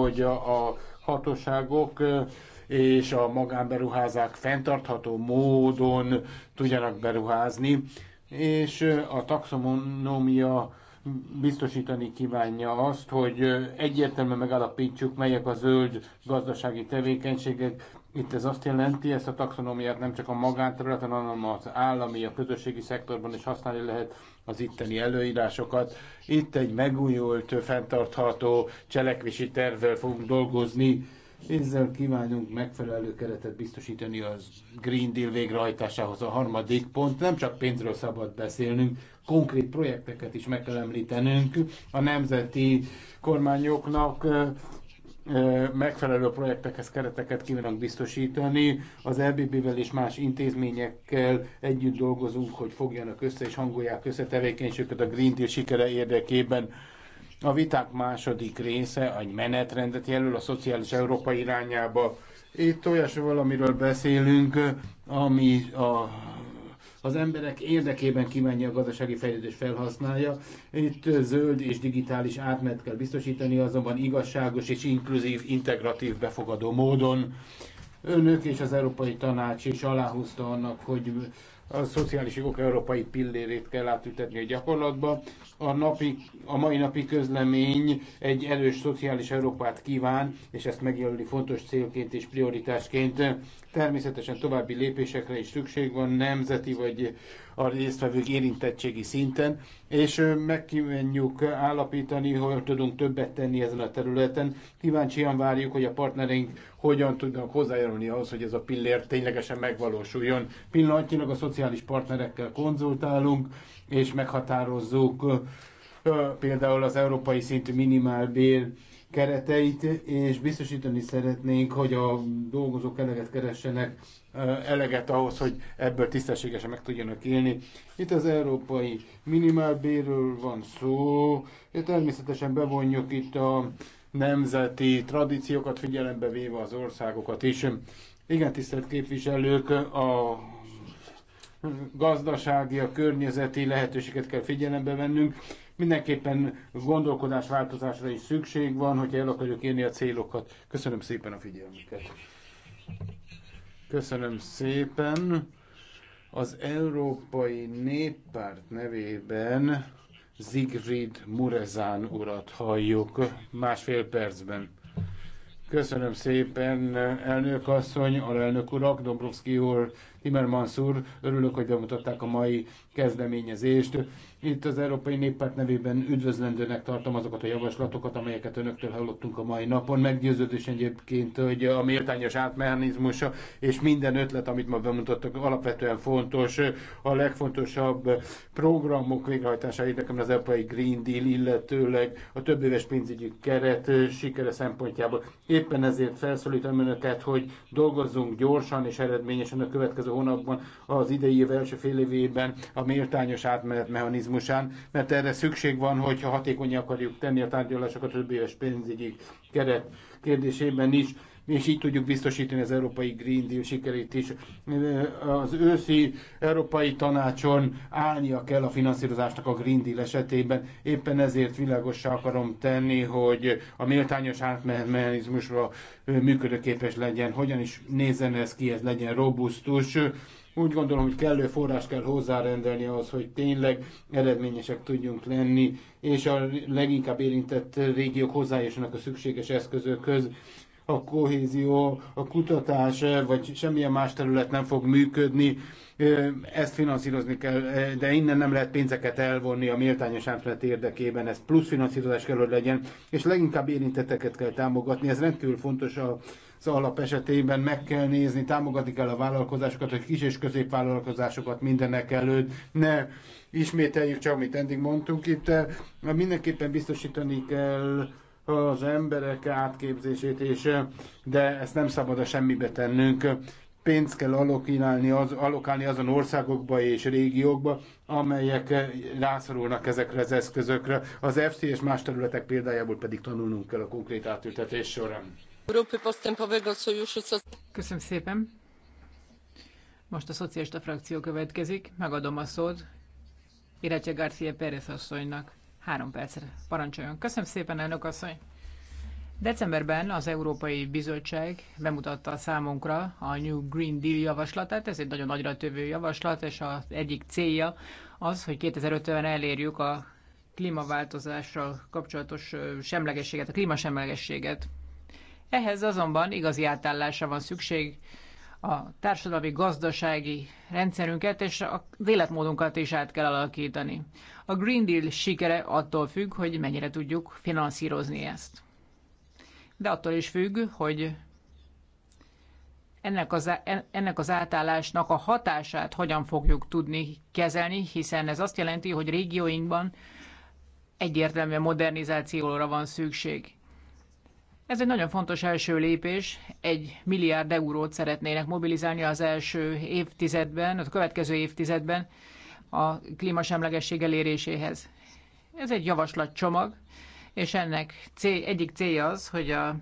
hogy a hatóságok és a magánberuházák fenntartható módon tudjanak beruházni, és a taxonómia biztosítani kívánja azt, hogy egyértelműen megállapítsuk, melyek a zöld gazdasági tevékenységek. Itt ez azt jelenti, ezt a taxonómiát nem csak a magánterületen, hanem az állami, a közösségi szektorban is használni lehet az itteni előírásokat. Itt egy megújult, fenntartható cselekvési tervvel fogunk dolgozni. Ezzel kívánunk megfelelő keretet biztosítani az Green Deal végrehajtásához. A harmadik pont, nem csak pénzről szabad beszélnünk, konkrét projekteket is meg kell említenünk. A nemzeti kormányoknak megfelelő projektekhez kereteket kívánunk biztosítani. Az LBB-vel és más intézményekkel együtt dolgozunk, hogy fogjanak össze és hangolják össze tevékenységüket a Green Deal sikere érdekében. A viták második része egy menetrendet jelöl a szociális Európa irányába. Itt olyasról, amiről beszélünk, ami a az emberek érdekében kívánja a gazdasági fejlődés felhasználja. Itt zöld és digitális átmenet kell biztosítani, azonban igazságos és inkluzív, integratív, befogadó módon. Önök és az Európai Tanács is aláhúzta annak, hogy a szociális jogok európai pillérét kell átültetni a gyakorlatba. A, napi, a mai napi közlemény egy erős szociális Európát kíván, és ezt megjelöli fontos célként és prioritásként. Természetesen további lépésekre is szükség van, nemzeti vagy a résztvevők érintettségi szinten, és megkívánjuk állapítani, hogy tudunk többet tenni ezen a területen. Kíváncsian várjuk, hogy a partnereink hogyan tudnak hozzájárulni ahhoz, hogy ez a pillér ténylegesen megvalósuljon. Pillanatnyilag a szociális partnerekkel konzultálunk, és meghatározzuk például az európai szintű minimálbér kereteit, és biztosítani szeretnénk, hogy a dolgozók eleget keressenek, eleget ahhoz, hogy ebből tisztességesen meg tudjanak élni. Itt az európai minimálbérről van szó, és természetesen bevonjuk itt a nemzeti tradíciókat figyelembe véve az országokat is. Igen, tisztelt képviselők, a gazdasági, a környezeti lehetőséget kell figyelembe vennünk, Mindenképpen változásra is szükség van, hogy el akarjuk érni a célokat. Köszönöm szépen a figyelmüket. Köszönöm szépen. Az Európai Néppárt nevében Zigrid Murezán urat halljuk másfél percben. Köszönöm szépen, elnök asszony, alelnök urak, Dombrovszki úr, Timmermans úr, örülök, hogy bemutatták a mai kezdeményezést. Itt az Európai Néppárt nevében üdvözlendőnek tartom azokat a javaslatokat, amelyeket önöktől hallottunk a mai napon. Meggyőződés egyébként, hogy a méltányos átmechanizmusa és minden ötlet, amit ma bemutattak, alapvetően fontos. A legfontosabb programok végrehajtása érdekében az Európai Green Deal, illetőleg a több éves pénzügyi keret sikere szempontjából. Éppen ezért felszólítom önöket, hogy dolgozzunk gyorsan és eredményesen a következő hónapban, az idei év első fél évében, a méltányos átmenet mechanizmusán, mert erre szükség van, hogyha hatékony akarjuk tenni a tárgyalásokat a többéves pénzügyi keret kérdésében is és így tudjuk biztosítani az Európai Green Deal sikerét is. Az őszi Európai Tanácson állnia kell a finanszírozásnak a Green Deal esetében. Éppen ezért világossá akarom tenni, hogy a méltányos átmechanizmusra működőképes legyen. Hogyan is nézzen ez ki, ez legyen robusztus úgy gondolom, hogy kellő forrás kell hozzárendelni ahhoz, hogy tényleg eredményesek tudjunk lenni, és a leginkább érintett régiók hozzájussanak a szükséges eszközökhöz a kohézió, a kutatás, eh, vagy semmilyen más terület nem fog működni, eh, ezt finanszírozni kell, eh, de innen nem lehet pénzeket elvonni a méltányos átmenet érdekében, ez plusz finanszírozás kell, hogy legyen, és leginkább érintetteket kell támogatni, ez rendkívül fontos a az alap esetében meg kell nézni, támogatni kell a vállalkozásokat, hogy kis és középvállalkozásokat mindenek előtt. Ne ismételjük csak, amit eddig mondtunk itt, mindenképpen biztosítani kell az emberek átképzését, és, de ezt nem szabad a semmibe tennünk. Pénzt kell alokálni, az, alokálni azon országokba és régiókba, amelyek rászorulnak ezekre az eszközökre. Az FC és más területek példájából pedig tanulnunk kell a konkrét átültetés során. Köszönöm szépen. Most a szocialista frakció következik. Megadom a szót Iratja García Pérez asszonynak. Három percre parancsoljon. Köszönöm szépen, elnök asszony! Decemberben az Európai Bizottság bemutatta számunkra a New Green Deal javaslatát, ez egy nagyon nagyra tövő javaslat, és az egyik célja az, hogy 2050-ben elérjük a klímaváltozással kapcsolatos semlegességet, a klímasemlegességet. Ehhez azonban igazi átállásra van szükség, a társadalmi gazdasági rendszerünket és az életmódunkat is át kell alakítani. A Green Deal sikere attól függ, hogy mennyire tudjuk finanszírozni ezt. De attól is függ, hogy ennek az, ennek az átállásnak a hatását hogyan fogjuk tudni kezelni, hiszen ez azt jelenti, hogy régióinkban egyértelműen modernizációra van szükség. Ez egy nagyon fontos első lépés. Egy milliárd eurót szeretnének mobilizálni az első évtizedben, a következő évtizedben a klímasemlegesség eléréséhez. Ez egy javaslatcsomag, és ennek cél, egyik célja az, hogy a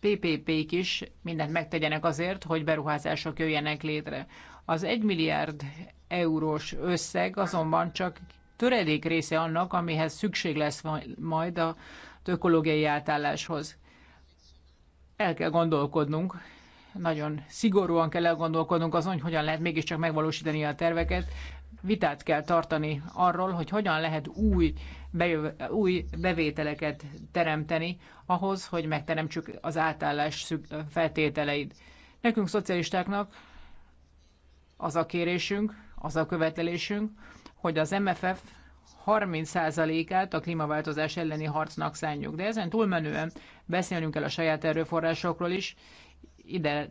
PPP-k is mindent megtegyenek azért, hogy beruházások jöjjenek létre. Az 1 milliárd eurós összeg azonban csak töredék része annak, amihez szükség lesz majd a ökológiai átálláshoz. El kell gondolkodnunk, nagyon szigorúan kell elgondolkodnunk azon, hogy hogyan lehet mégiscsak megvalósítani a terveket. Vitát kell tartani arról, hogy hogyan lehet új, bejöv, új bevételeket teremteni ahhoz, hogy megteremtsük az átállás feltételeit. Nekünk, szocialistáknak az a kérésünk, az a követelésünk, hogy az MFF 30%-át a klímaváltozás elleni harcnak szánjuk. De ezen túlmenően beszélnünk kell a saját erőforrásokról is. Ide,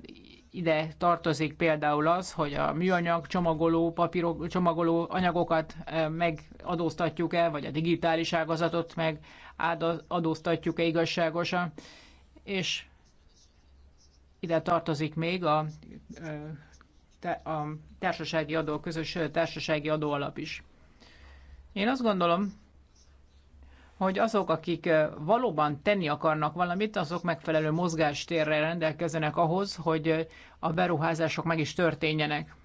ide tartozik például az, hogy a műanyag csomagoló, papírok, csomagoló anyagokat eh, megadóztatjuk el, vagy a digitális ágazatot megadóztatjuk e igazságosan. És ide tartozik még a, eh, a társasági adó, közös társasági adóalap is. Én azt gondolom, hogy azok, akik eh, valóban tenni akarnak valamit, azok megfelelő mozgástérrel rendelkezenek ahhoz, hogy eh, a beruházások meg is történjenek.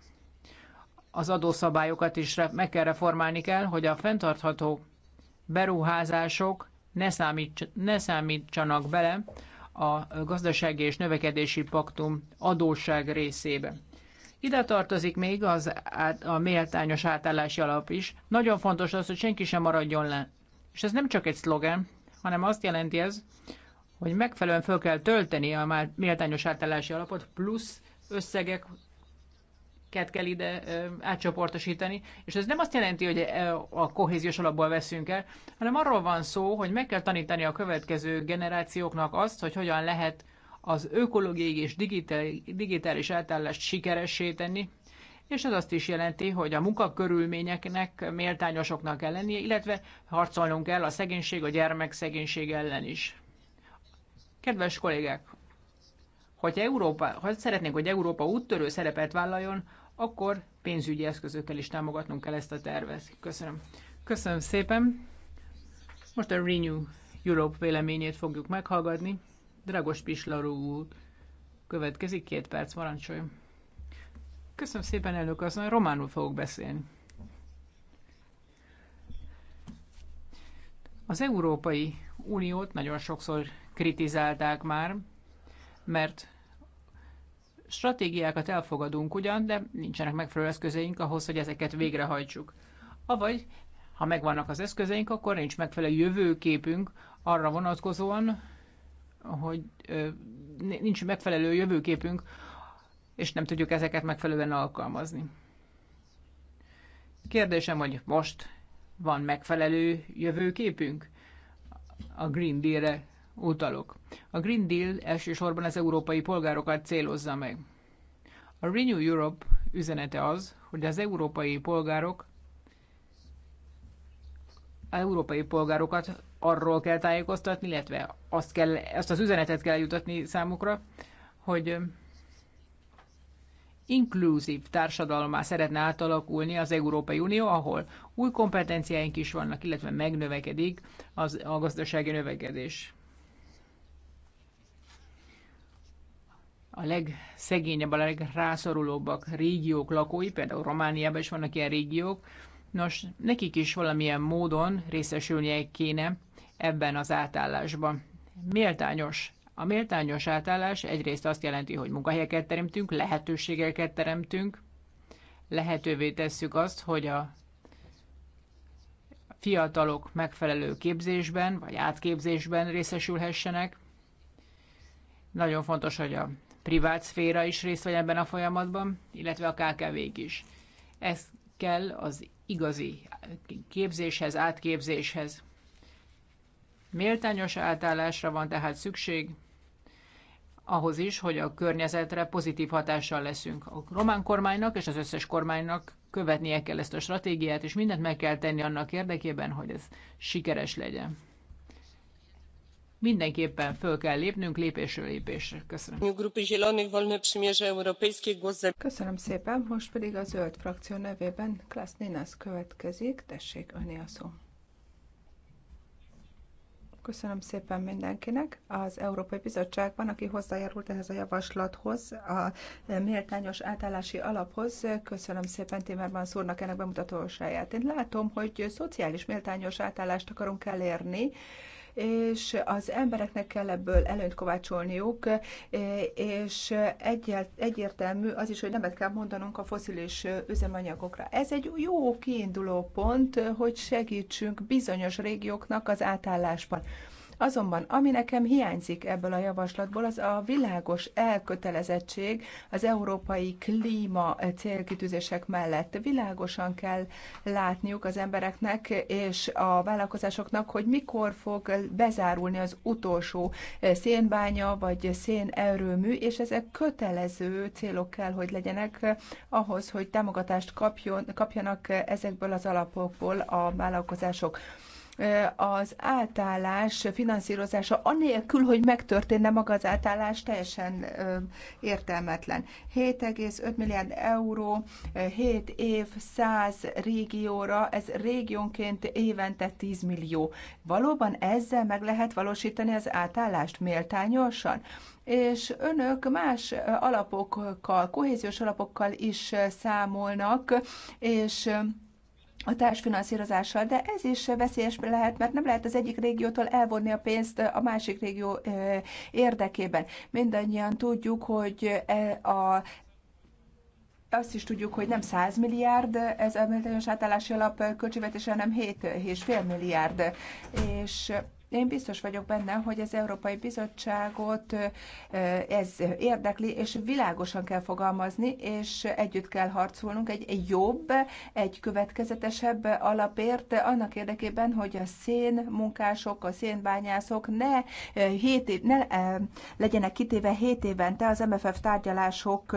Az adószabályokat is meg kell reformálni kell, hogy a fenntartható beruházások ne, számíts, ne számítsanak bele a gazdasági és növekedési paktum adósság részébe. Ide tartozik még az, át, a méltányos átállási alap is. Nagyon fontos az, hogy senki sem maradjon le. És ez nem csak egy szlogen, hanem azt jelenti ez, hogy megfelelően föl kell tölteni a méltányos átállási alapot, plusz összegek ket kell ide ö, átcsoportosítani, és ez nem azt jelenti, hogy a kohéziós alapból veszünk el, hanem arról van szó, hogy meg kell tanítani a következő generációknak azt, hogy hogyan lehet az ökológiai és digitális eltállást sikeressé tenni, és ez azt is jelenti, hogy a munkakörülményeknek méltányosoknak kell lennie, illetve harcolnunk kell a szegénység, a gyermekszegénység ellen is. Kedves kollégák, hogyha Európa, ha szeretnénk, hogy Európa úttörő szerepet vállaljon, akkor pénzügyi eszközökkel is támogatnunk kell ezt a tervet. Köszönöm. Köszönöm szépen. Most a Renew Europe véleményét fogjuk meghallgatni. Dragos Pislarú úr következik, két perc, marancsolj. Köszönöm szépen, elnök azon, románul fogok beszélni. Az Európai Uniót nagyon sokszor kritizálták már, mert stratégiákat elfogadunk ugyan, de nincsenek megfelelő eszközeink ahhoz, hogy ezeket végrehajtsuk. Avagy, ha megvannak az eszközeink, akkor nincs megfelelő jövőképünk arra vonatkozóan, hogy nincs megfelelő jövőképünk, és nem tudjuk ezeket megfelelően alkalmazni. Kérdésem, hogy most van megfelelő jövőképünk? A Green Deal-re utalok. A Green Deal elsősorban az európai polgárokat célozza meg. A Renew Europe üzenete az, hogy az európai polgárok európai polgárokat arról kell tájékoztatni, illetve azt, kell, azt az üzenetet kell jutatni számukra, hogy inkluzív társadalomá szeretne átalakulni az Európai Unió, ahol új kompetenciáink is vannak, illetve megnövekedik az, a gazdasági növekedés. A legszegényebb, a legrászorulóbbak régiók lakói, például Romániában is vannak ilyen régiók, Nos, nekik is valamilyen módon részesülnie kéne ebben az átállásban. Méltányos. A méltányos átállás egyrészt azt jelenti, hogy munkahelyeket teremtünk, lehetőségeket teremtünk, lehetővé tesszük azt, hogy a fiatalok megfelelő képzésben vagy átképzésben részesülhessenek. Nagyon fontos, hogy a privát szféra is részt vegyen ebben a folyamatban, illetve a KKV-k is. Ez kell az igazi képzéshez, átképzéshez. Méltányos átállásra van tehát szükség, ahhoz is, hogy a környezetre pozitív hatással leszünk. A román kormánynak és az összes kormánynak követnie kell ezt a stratégiát, és mindent meg kell tenni annak érdekében, hogy ez sikeres legyen mindenképpen föl kell lépnünk lépésről lépésre. Köszönöm. Köszönöm szépen, most pedig a zöld frakció nevében Klasz Ninas következik, tessék öné a szó. Köszönöm szépen mindenkinek. Az Európai Bizottságban, aki hozzájárult ehhez a javaslathoz, a méltányos átállási alaphoz, köszönöm szépen Timmerman szúrnak ennek bemutatósáját. Én látom, hogy szociális méltányos átállást akarunk elérni, és az embereknek kell ebből előnyt kovácsolniuk, és egyértelmű az is, hogy nemet kell mondanunk a foszilis üzemanyagokra. Ez egy jó kiinduló pont, hogy segítsünk bizonyos régióknak az átállásban. Azonban ami nekem hiányzik ebből a javaslatból, az a világos elkötelezettség az európai klíma célkitűzések mellett. Világosan kell látniuk az embereknek és a vállalkozásoknak, hogy mikor fog bezárulni az utolsó szénbánya vagy szénerőmű, és ezek kötelező célok kell, hogy legyenek ahhoz, hogy támogatást kapjon, kapjanak ezekből az alapokból a vállalkozások az átállás finanszírozása, anélkül, hogy megtörténne maga az átállás, teljesen értelmetlen. 7,5 milliárd euró, 7 év, 100 régióra, ez régiónként évente 10 millió. Valóban ezzel meg lehet valósítani az átállást méltányosan? és önök más alapokkal, kohéziós alapokkal is számolnak, és a társfinanszírozással, de ez is veszélyes lehet, mert nem lehet az egyik régiótól elvonni a pénzt a másik régió érdekében. Mindannyian tudjuk, hogy e, a azt is tudjuk, hogy nem 100 milliárd ez a méltányos átállási alap költségvetése, hanem 7,5 milliárd. És én biztos vagyok benne, hogy az Európai Bizottságot ez érdekli, és világosan kell fogalmazni, és együtt kell harcolnunk egy, jobb, egy következetesebb alapért annak érdekében, hogy a szén munkások, a szénbányászok ne, hét év, ne legyenek kitéve 7 évente az MFF tárgyalások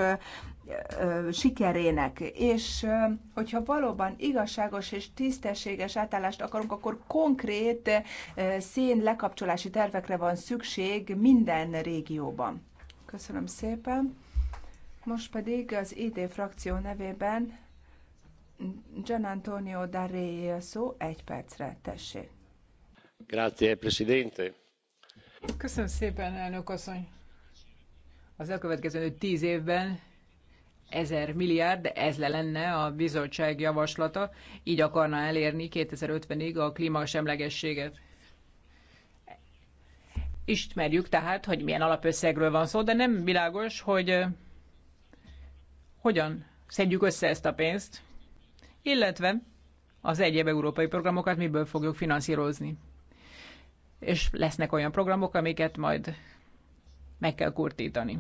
sikerének, és hogyha valóban igazságos és tisztességes átállást akarunk, akkor konkrét szén lekapcsolási tervekre van szükség minden régióban. Köszönöm szépen. Most pedig az ID frakció nevében Gian Antonio Darré szó egy percre, tessék. Grazie, Presidente. Köszönöm szépen, elnök asszony. Az elkövetkező tíz évben ezer milliárd, ez le lenne a bizottság javaslata, így akarna elérni 2050-ig a klímasemlegességet. Ismerjük tehát, hogy milyen alapösszegről van szó, de nem világos, hogy hogyan szedjük össze ezt a pénzt, illetve az egyéb európai programokat miből fogjuk finanszírozni. És lesznek olyan programok, amiket majd meg kell kurtítani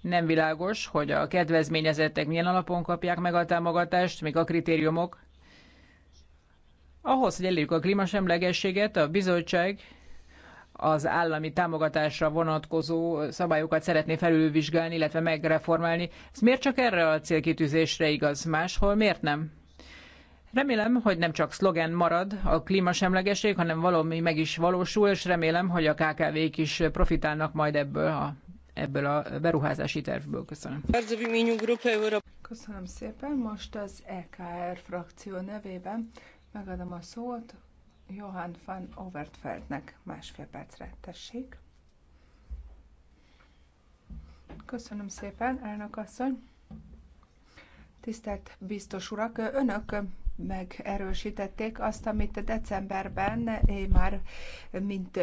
nem világos, hogy a kedvezményezettek milyen alapon kapják meg a támogatást, még a kritériumok. Ahhoz, hogy elérjük a klímasemlegességet, a bizottság az állami támogatásra vonatkozó szabályokat szeretné felülvizsgálni, illetve megreformálni. Ez miért csak erre a célkitűzésre igaz? Máshol miért nem? Remélem, hogy nem csak szlogen marad a klímasemlegesség, hanem valami meg is valósul, és remélem, hogy a KKV-k is profitálnak majd ebből a ebből a beruházási tervből. Köszönöm. Köszönöm szépen. Most az EKR frakció nevében megadom a szót Johann van Overtfeldnek másfél percre. Tessék. Köszönöm szépen, elnök asszony. Tisztelt biztos urak, önök megerősítették azt, amit decemberben én már mint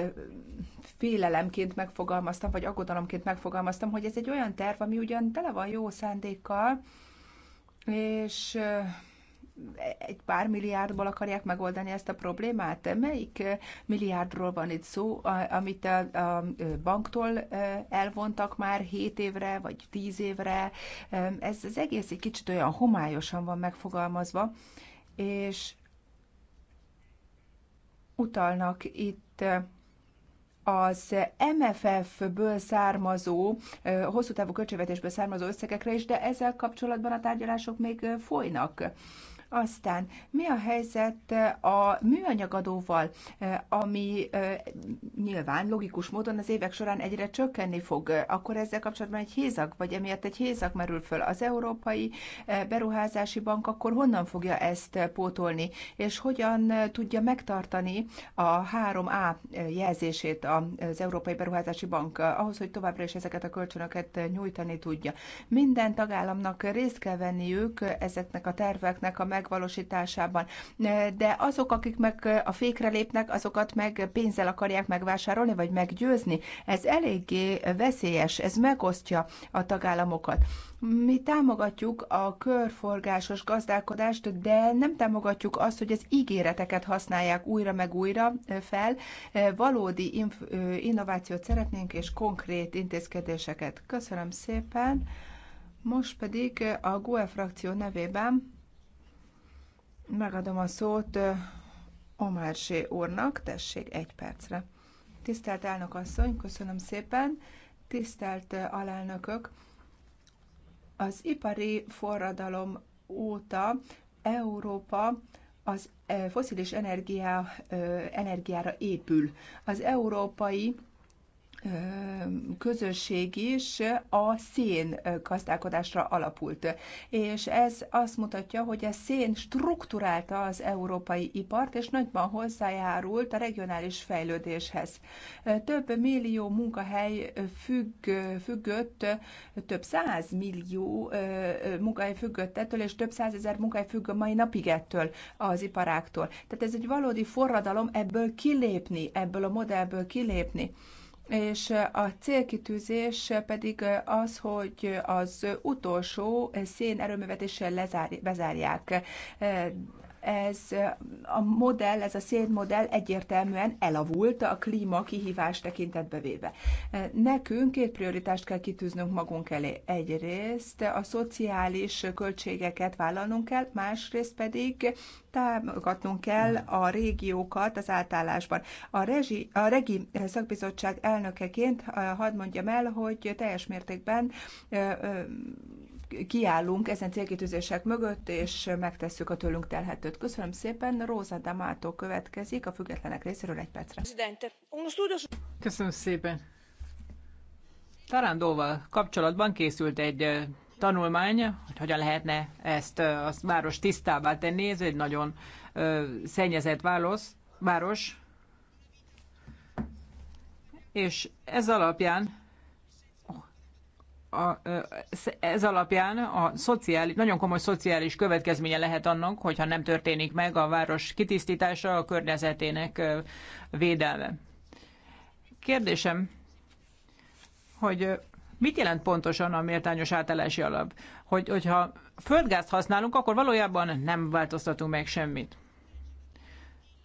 félelemként megfogalmaztam, vagy aggodalomként megfogalmaztam, hogy ez egy olyan terv, ami ugyan tele van jó szándékkal, és egy pár milliárdból akarják megoldani ezt a problémát? Melyik milliárdról van itt szó, amit a, banktól elvontak már 7 évre, vagy 10 évre? Ez az egész egy kicsit olyan homályosan van megfogalmazva, és utalnak itt az MFF-ből származó, hosszú távú költségvetésből származó összegekre is, de ezzel kapcsolatban a tárgyalások még folynak. Aztán mi a helyzet a műanyagadóval, ami nyilván logikus módon az évek során egyre csökkenni fog, akkor ezzel kapcsolatban egy hézak, vagy emiatt egy hézak merül föl az Európai Beruházási Bank, akkor honnan fogja ezt pótolni, és hogyan tudja megtartani a 3A jelzését az Európai Beruházási Bank ahhoz, hogy továbbra is ezeket a kölcsönöket nyújtani tudja. Minden tagállamnak részt kell venniük ezeknek a terveknek a megvalósításában. De azok, akik meg a fékre lépnek, azokat meg pénzzel akarják megvásárolni, vagy meggyőzni. Ez eléggé veszélyes, ez megosztja a tagállamokat. Mi támogatjuk a körforgásos gazdálkodást, de nem támogatjuk azt, hogy az ígéreteket használják újra meg újra fel. Valódi innovációt szeretnénk, és konkrét intézkedéseket. Köszönöm szépen! Most pedig a GUE frakció nevében Megadom a szót Omársé úrnak, tessék egy percre. Tisztelt elnök asszony, köszönöm szépen. Tisztelt alelnökök, az ipari forradalom óta Európa az foszilis energiá, energiára épül. Az európai közösség is a szén gazdálkodásra alapult. És ez azt mutatja, hogy a szén strukturálta az európai ipart, és nagyban hozzájárult a regionális fejlődéshez. Több millió munkahely függ, függött, több száz millió munkahely függött ettől, és több százezer munkahely függ a mai napig ettől az iparáktól. Tehát ez egy valódi forradalom ebből kilépni, ebből a modellből kilépni és a célkitűzés pedig az, hogy az utolsó szén erőművet is lezár, bezárják. Ez a modell, ez a szénmodell egyértelműen elavult a klíma kihívás tekintetbe véve. Nekünk két prioritást kell kitűznünk magunk elé. Egyrészt a szociális költségeket vállalnunk kell, másrészt pedig támogatnunk kell a régiókat az átállásban. A, rezsi, a Regi Szakbizottság elnökeként hadd mondjam el, hogy teljes mértékben kiállunk ezen célkitűzések mögött, és megtesszük a tőlünk telhetőt. Köszönöm szépen, Róza D'Amato következik a függetlenek részéről egy percre. Köszönöm szépen. Tarándóval kapcsolatban készült egy tanulmány, hogy hogyan lehetne ezt a város tisztábbá tenni, ez egy nagyon szennyezett válasz, város, és ez alapján a, ez alapján a szociális, nagyon komoly szociális következménye lehet annak, hogyha nem történik meg a város kitisztítása, a környezetének védelme. Kérdésem, hogy mit jelent pontosan a méltányos átállási alap? Hogy, hogyha földgázt használunk, akkor valójában nem változtatunk meg semmit.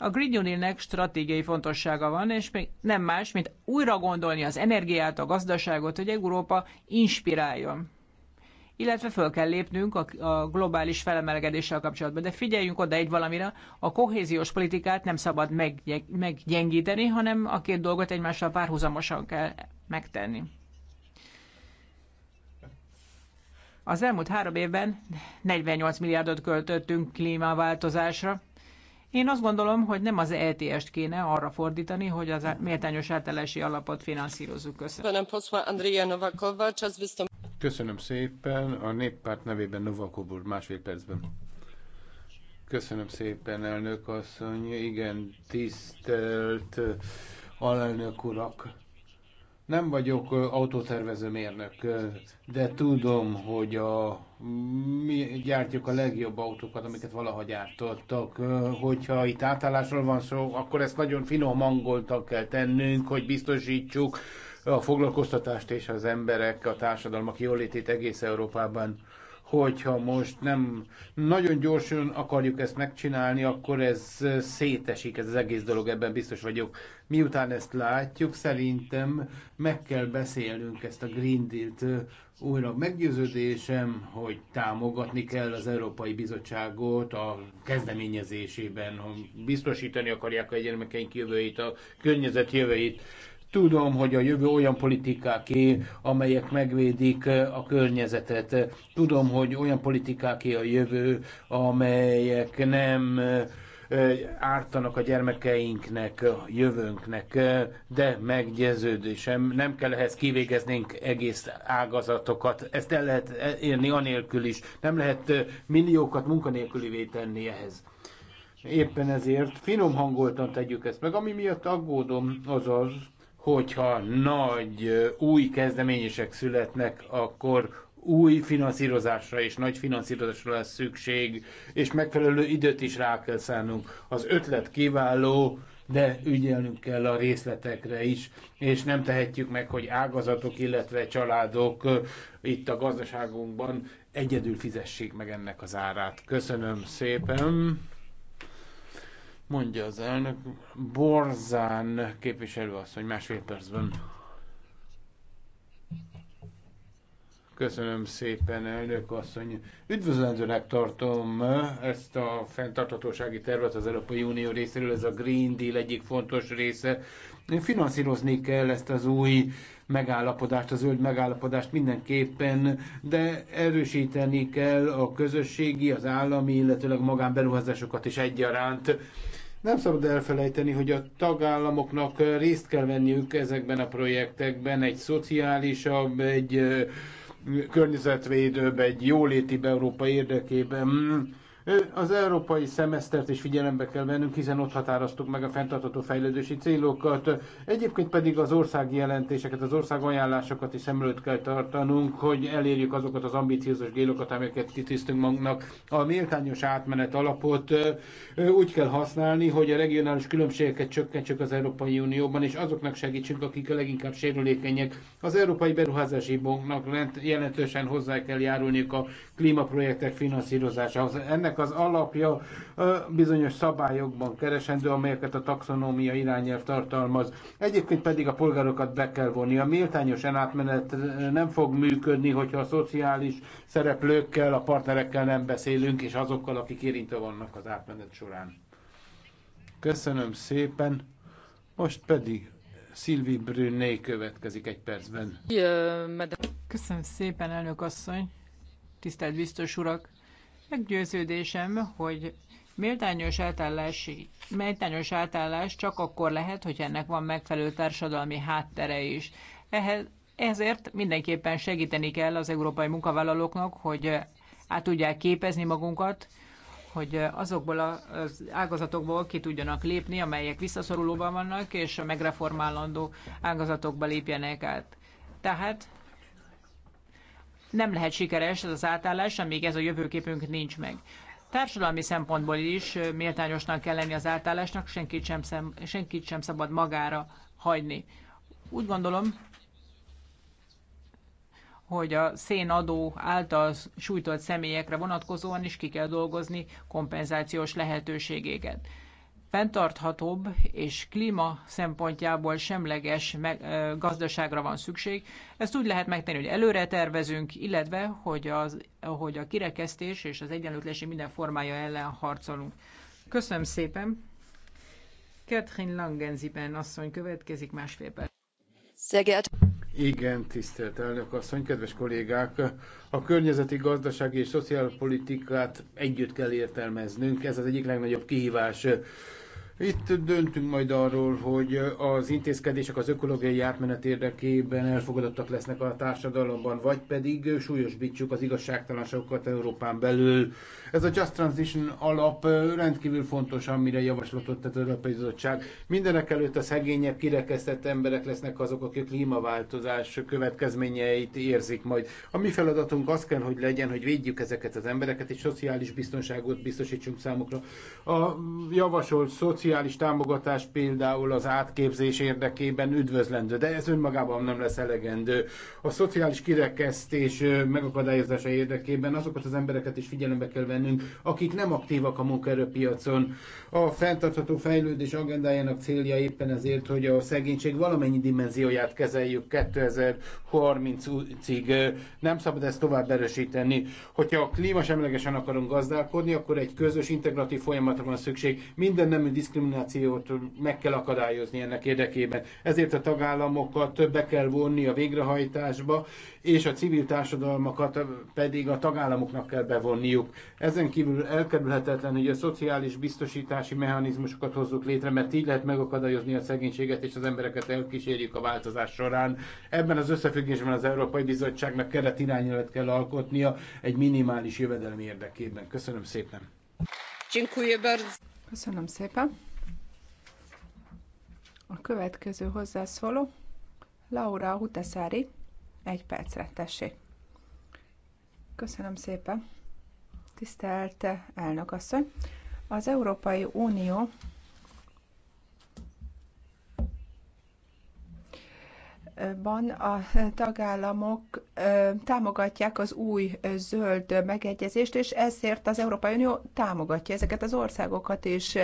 A Green Union-nek stratégiai fontossága van, és még nem más, mint újra gondolni az energiát, a gazdaságot, hogy Európa inspiráljon. Illetve föl kell lépnünk a, a globális felemelkedéssel kapcsolatban. De figyeljünk oda egy valamire, a kohéziós politikát nem szabad meggyengíteni, hanem a két dolgot egymással párhuzamosan kell megtenni. Az elmúlt három évben 48 milliárdot költöttünk klímaváltozásra, én azt gondolom, hogy nem az ETS-t kéne arra fordítani, hogy az méltányos átelési alapot finanszírozzuk. Köszönöm. Köszönöm szépen. A néppárt nevében Novakov úr másfél percben. Köszönöm szépen, elnök asszony. Igen, tisztelt uh, alelnök urak. Nem vagyok autótervező mérnök, de tudom, hogy a, mi gyártjuk a legjobb autókat, amiket valaha gyártottak. Hogyha itt átállásról van szó, akkor ezt nagyon finom angoltak kell tennünk, hogy biztosítsuk a foglalkoztatást és az emberek, a társadalmak jólétét egész Európában hogyha most nem nagyon gyorsan akarjuk ezt megcsinálni, akkor ez szétesik, ez az egész dolog, ebben biztos vagyok. Miután ezt látjuk, szerintem meg kell beszélnünk ezt a Green Deal-t újra. Meggyőződésem, hogy támogatni kell az Európai Bizottságot a kezdeményezésében, hogy biztosítani akarják a gyermekeink jövőjét, a környezet jövőjét. Tudom, hogy a jövő olyan politikáké, amelyek megvédik eh, a környezetet. Tudom, hogy olyan politikáké a jövő, amelyek nem eh, ártanak a gyermekeinknek, a jövőnknek, eh, de meggyeződésem, nem kell ehhez kivégeznénk egész ágazatokat. Ezt el lehet érni anélkül is. Nem lehet milliókat munkanélkülivé tenni ehhez. Éppen ezért finom hangoltan tegyük ezt meg. Ami miatt aggódom, az az, hogyha nagy új kezdeményések születnek, akkor új finanszírozásra és nagy finanszírozásra lesz szükség, és megfelelő időt is rá kell szánnunk. Az ötlet kiváló, de ügyelnünk kell a részletekre is, és nem tehetjük meg, hogy ágazatok, illetve családok itt a gazdaságunkban egyedül fizessék meg ennek az árát. Köszönöm szépen! mondja az elnök. Borzán képviselő azt, hogy másfél percben. Köszönöm szépen, elnök asszony. Üdvözlendőnek tartom ezt a fenntarthatósági tervet az Európai Unió részéről, ez a Green Deal egyik fontos része. Finanszírozni kell ezt az új megállapodást, a zöld megállapodást mindenképpen, de erősíteni kell a közösségi, az állami, illetőleg magánberuházásokat is egyaránt. Nem szabad elfelejteni, hogy a tagállamoknak részt kell venniük ezekben a projektekben, egy szociálisabb, egy környezetvédőbb, egy jólétibb Európa érdekében az európai szemesztert is figyelembe kell vennünk, hiszen ott határoztuk meg a fenntartható fejlődési célokat. Egyébként pedig az ország jelentéseket, az ország ajánlásokat is előtt kell tartanunk, hogy elérjük azokat az ambiciózus gélokat, amiket kitisztünk magunknak. A méltányos átmenet alapot úgy kell használni, hogy a regionális különbségeket csökkentsük az Európai Unióban, és azoknak segítsünk, akik a leginkább sérülékenyek. Az Európai Beruházási Banknak jelentősen hozzá kell járulniuk a klímaprojektek finanszírozásához. Ennek ennek az alapja bizonyos szabályokban keresendő, amelyeket a taxonómia irányelv tartalmaz. Egyébként pedig a polgárokat be kell vonni. A méltányos átmenet nem fog működni, hogyha a szociális szereplőkkel, a partnerekkel nem beszélünk, és azokkal, akik érintve vannak az átmenet során. Köszönöm szépen. Most pedig Szilvi Brünné következik egy percben. Köszönöm szépen, elnök asszony, tisztelt biztos urak! Meggyőződésem, hogy méltányos átállás, méltányos átállás csak akkor lehet, hogy ennek van megfelelő társadalmi háttere is. Ehhez, ezért mindenképpen segíteni kell az európai munkavállalóknak, hogy át tudják képezni magunkat, hogy azokból az ágazatokból ki tudjanak lépni, amelyek visszaszorulóban vannak, és a megreformálandó ágazatokba lépjenek át. Tehát nem lehet sikeres ez az átállás, amíg ez a jövőképünk nincs meg. Társadalmi szempontból is méltányosnak kell lenni az átállásnak, senkit sem, szem, senkit sem szabad magára hagyni. Úgy gondolom, hogy a szénadó által sújtott személyekre vonatkozóan is ki kell dolgozni kompenzációs lehetőségeket fenntarthatóbb és klíma szempontjából semleges meg, ö, gazdaságra van szükség. Ezt úgy lehet megtenni, hogy előre tervezünk, illetve hogy, az, hogy a kirekesztés és az egyenlőtlenség minden formája ellen harcolunk. Köszönöm szépen! Catherine Langenziben asszony következik másfél perc. Igen, tisztelt elnök asszony, kedves kollégák! A környezeti, gazdasági és szociálpolitikát együtt kell értelmeznünk. Ez az egyik legnagyobb kihívás itt döntünk majd arról, hogy az intézkedések az ökológiai átmenet érdekében elfogadottak lesznek a társadalomban, vagy pedig súlyosbítsuk az igazságtalanságokat Európán belül. Ez a Just Transition alap rendkívül fontos, amire javaslatot tett az Európai Bizottság. Mindenek előtt a szegények, kirekesztett emberek lesznek azok, akik a klímaváltozás következményeit érzik majd. A mi feladatunk az kell, hogy legyen, hogy védjük ezeket az embereket, és szociális biztonságot biztosítsunk számukra. A javasolt szociális speciális támogatás például az átképzés érdekében üdvözlendő, de ez önmagában nem lesz elegendő. A szociális kirekesztés megakadályozása érdekében azokat az embereket is figyelembe kell vennünk, akik nem aktívak a munkaerőpiacon. A fenntartható fejlődés agendájának célja éppen ezért, hogy a szegénység valamennyi dimenzióját kezeljük 2030-ig. Nem szabad ezt tovább erősíteni. Hogyha a klímasemlegesen akarunk gazdálkodni, akkor egy közös integratív folyamatra van szükség. Minden nemű diszk diszkriminációt meg kell akadályozni ennek érdekében. Ezért a tagállamokat többe kell vonni a végrehajtásba, és a civil társadalmakat pedig a tagállamoknak kell bevonniuk. Ezen kívül elkerülhetetlen, hogy a szociális biztosítási mechanizmusokat hozzuk létre, mert így lehet megakadályozni a szegénységet, és az embereket elkísérjük a változás során. Ebben az összefüggésben az Európai Bizottságnak irányelvet kell alkotnia egy minimális jövedelmi érdekében. Köszönöm szépen! Köszönöm szépen. A következő hozzászóló Laura Huteszári, egy percre tessék. Köszönöm szépen. Tisztelt eh, elnök asszony! Az Európai Unió ban a tagállamok támogatják az új zöld megegyezést, és ezért az Európai Unió támogatja ezeket az országokat is.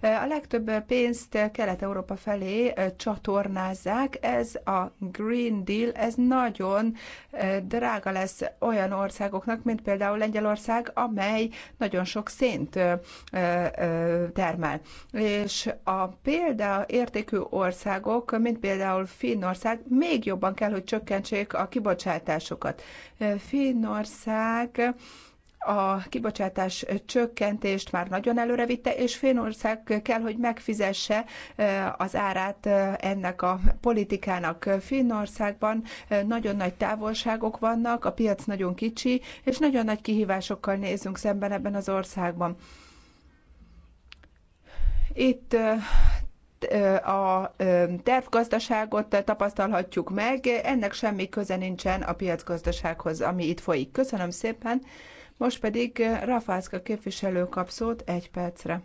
A legtöbb pénzt Kelet-Európa felé csatornázzák. Ez a Green Deal, ez nagyon drága lesz olyan országoknak, mint például Lengyelország, amely nagyon sok szént termel. És a példa értékű országok, mint például Finnország, még jobban kell, hogy csökkentsék a kibocsátásokat. Finnország a kibocsátás csökkentést már nagyon előre vitte, és Finnország kell, hogy megfizesse az árát ennek a politikának. Finnországban nagyon nagy távolságok vannak, a piac nagyon kicsi, és nagyon nagy kihívásokkal nézünk szemben ebben az országban. Itt a tervgazdaságot tapasztalhatjuk meg, ennek semmi köze nincsen a piacgazdasághoz, ami itt folyik. Köszönöm szépen, most pedig Rafászka képviselő kap szót egy percre.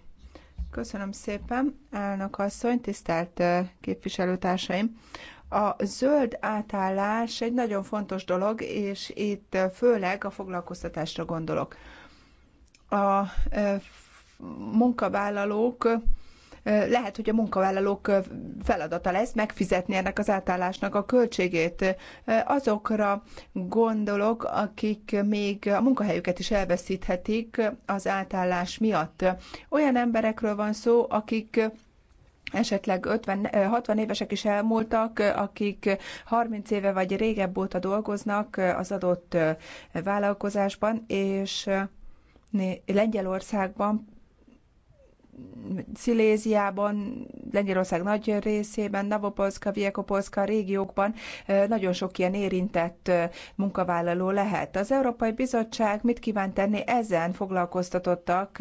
Köszönöm szépen, elnök asszony, tisztelt képviselőtársaim! A zöld átállás egy nagyon fontos dolog, és itt főleg a foglalkoztatásra gondolok. A munkavállalók lehet, hogy a munkavállalók feladata lesz megfizetni ennek az átállásnak a költségét. Azokra gondolok, akik még a munkahelyüket is elveszíthetik az átállás miatt. Olyan emberekről van szó, akik esetleg 50-60 évesek is elmúltak, akik 30 éve vagy régebb óta dolgoznak az adott vállalkozásban, és Lengyelországban Sziléziában, Lengyelország nagy részében, Navopolska, Viekopolska régiókban nagyon sok ilyen érintett munkavállaló lehet. Az Európai Bizottság mit kíván tenni ezen foglalkoztatottak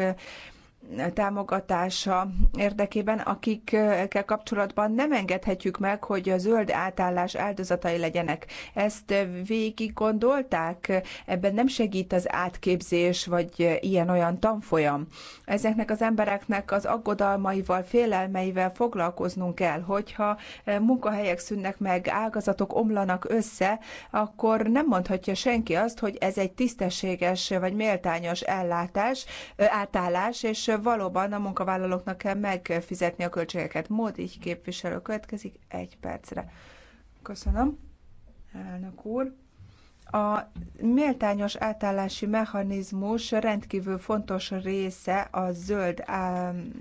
támogatása érdekében, akikkel kapcsolatban nem engedhetjük meg, hogy a zöld átállás áldozatai legyenek. Ezt végig gondolták? Ebben nem segít az átképzés, vagy ilyen-olyan tanfolyam. Ezeknek az embereknek az aggodalmaival, félelmeivel foglalkoznunk kell, hogyha munkahelyek szűnnek meg, ágazatok omlanak össze, akkor nem mondhatja senki azt, hogy ez egy tisztességes vagy méltányos ellátás, átállás, és valóban a munkavállalóknak kell megfizetni a költségeket. Módi képviselő következik egy percre. Köszönöm, elnök úr. A méltányos átállási mechanizmus rendkívül fontos része a zöld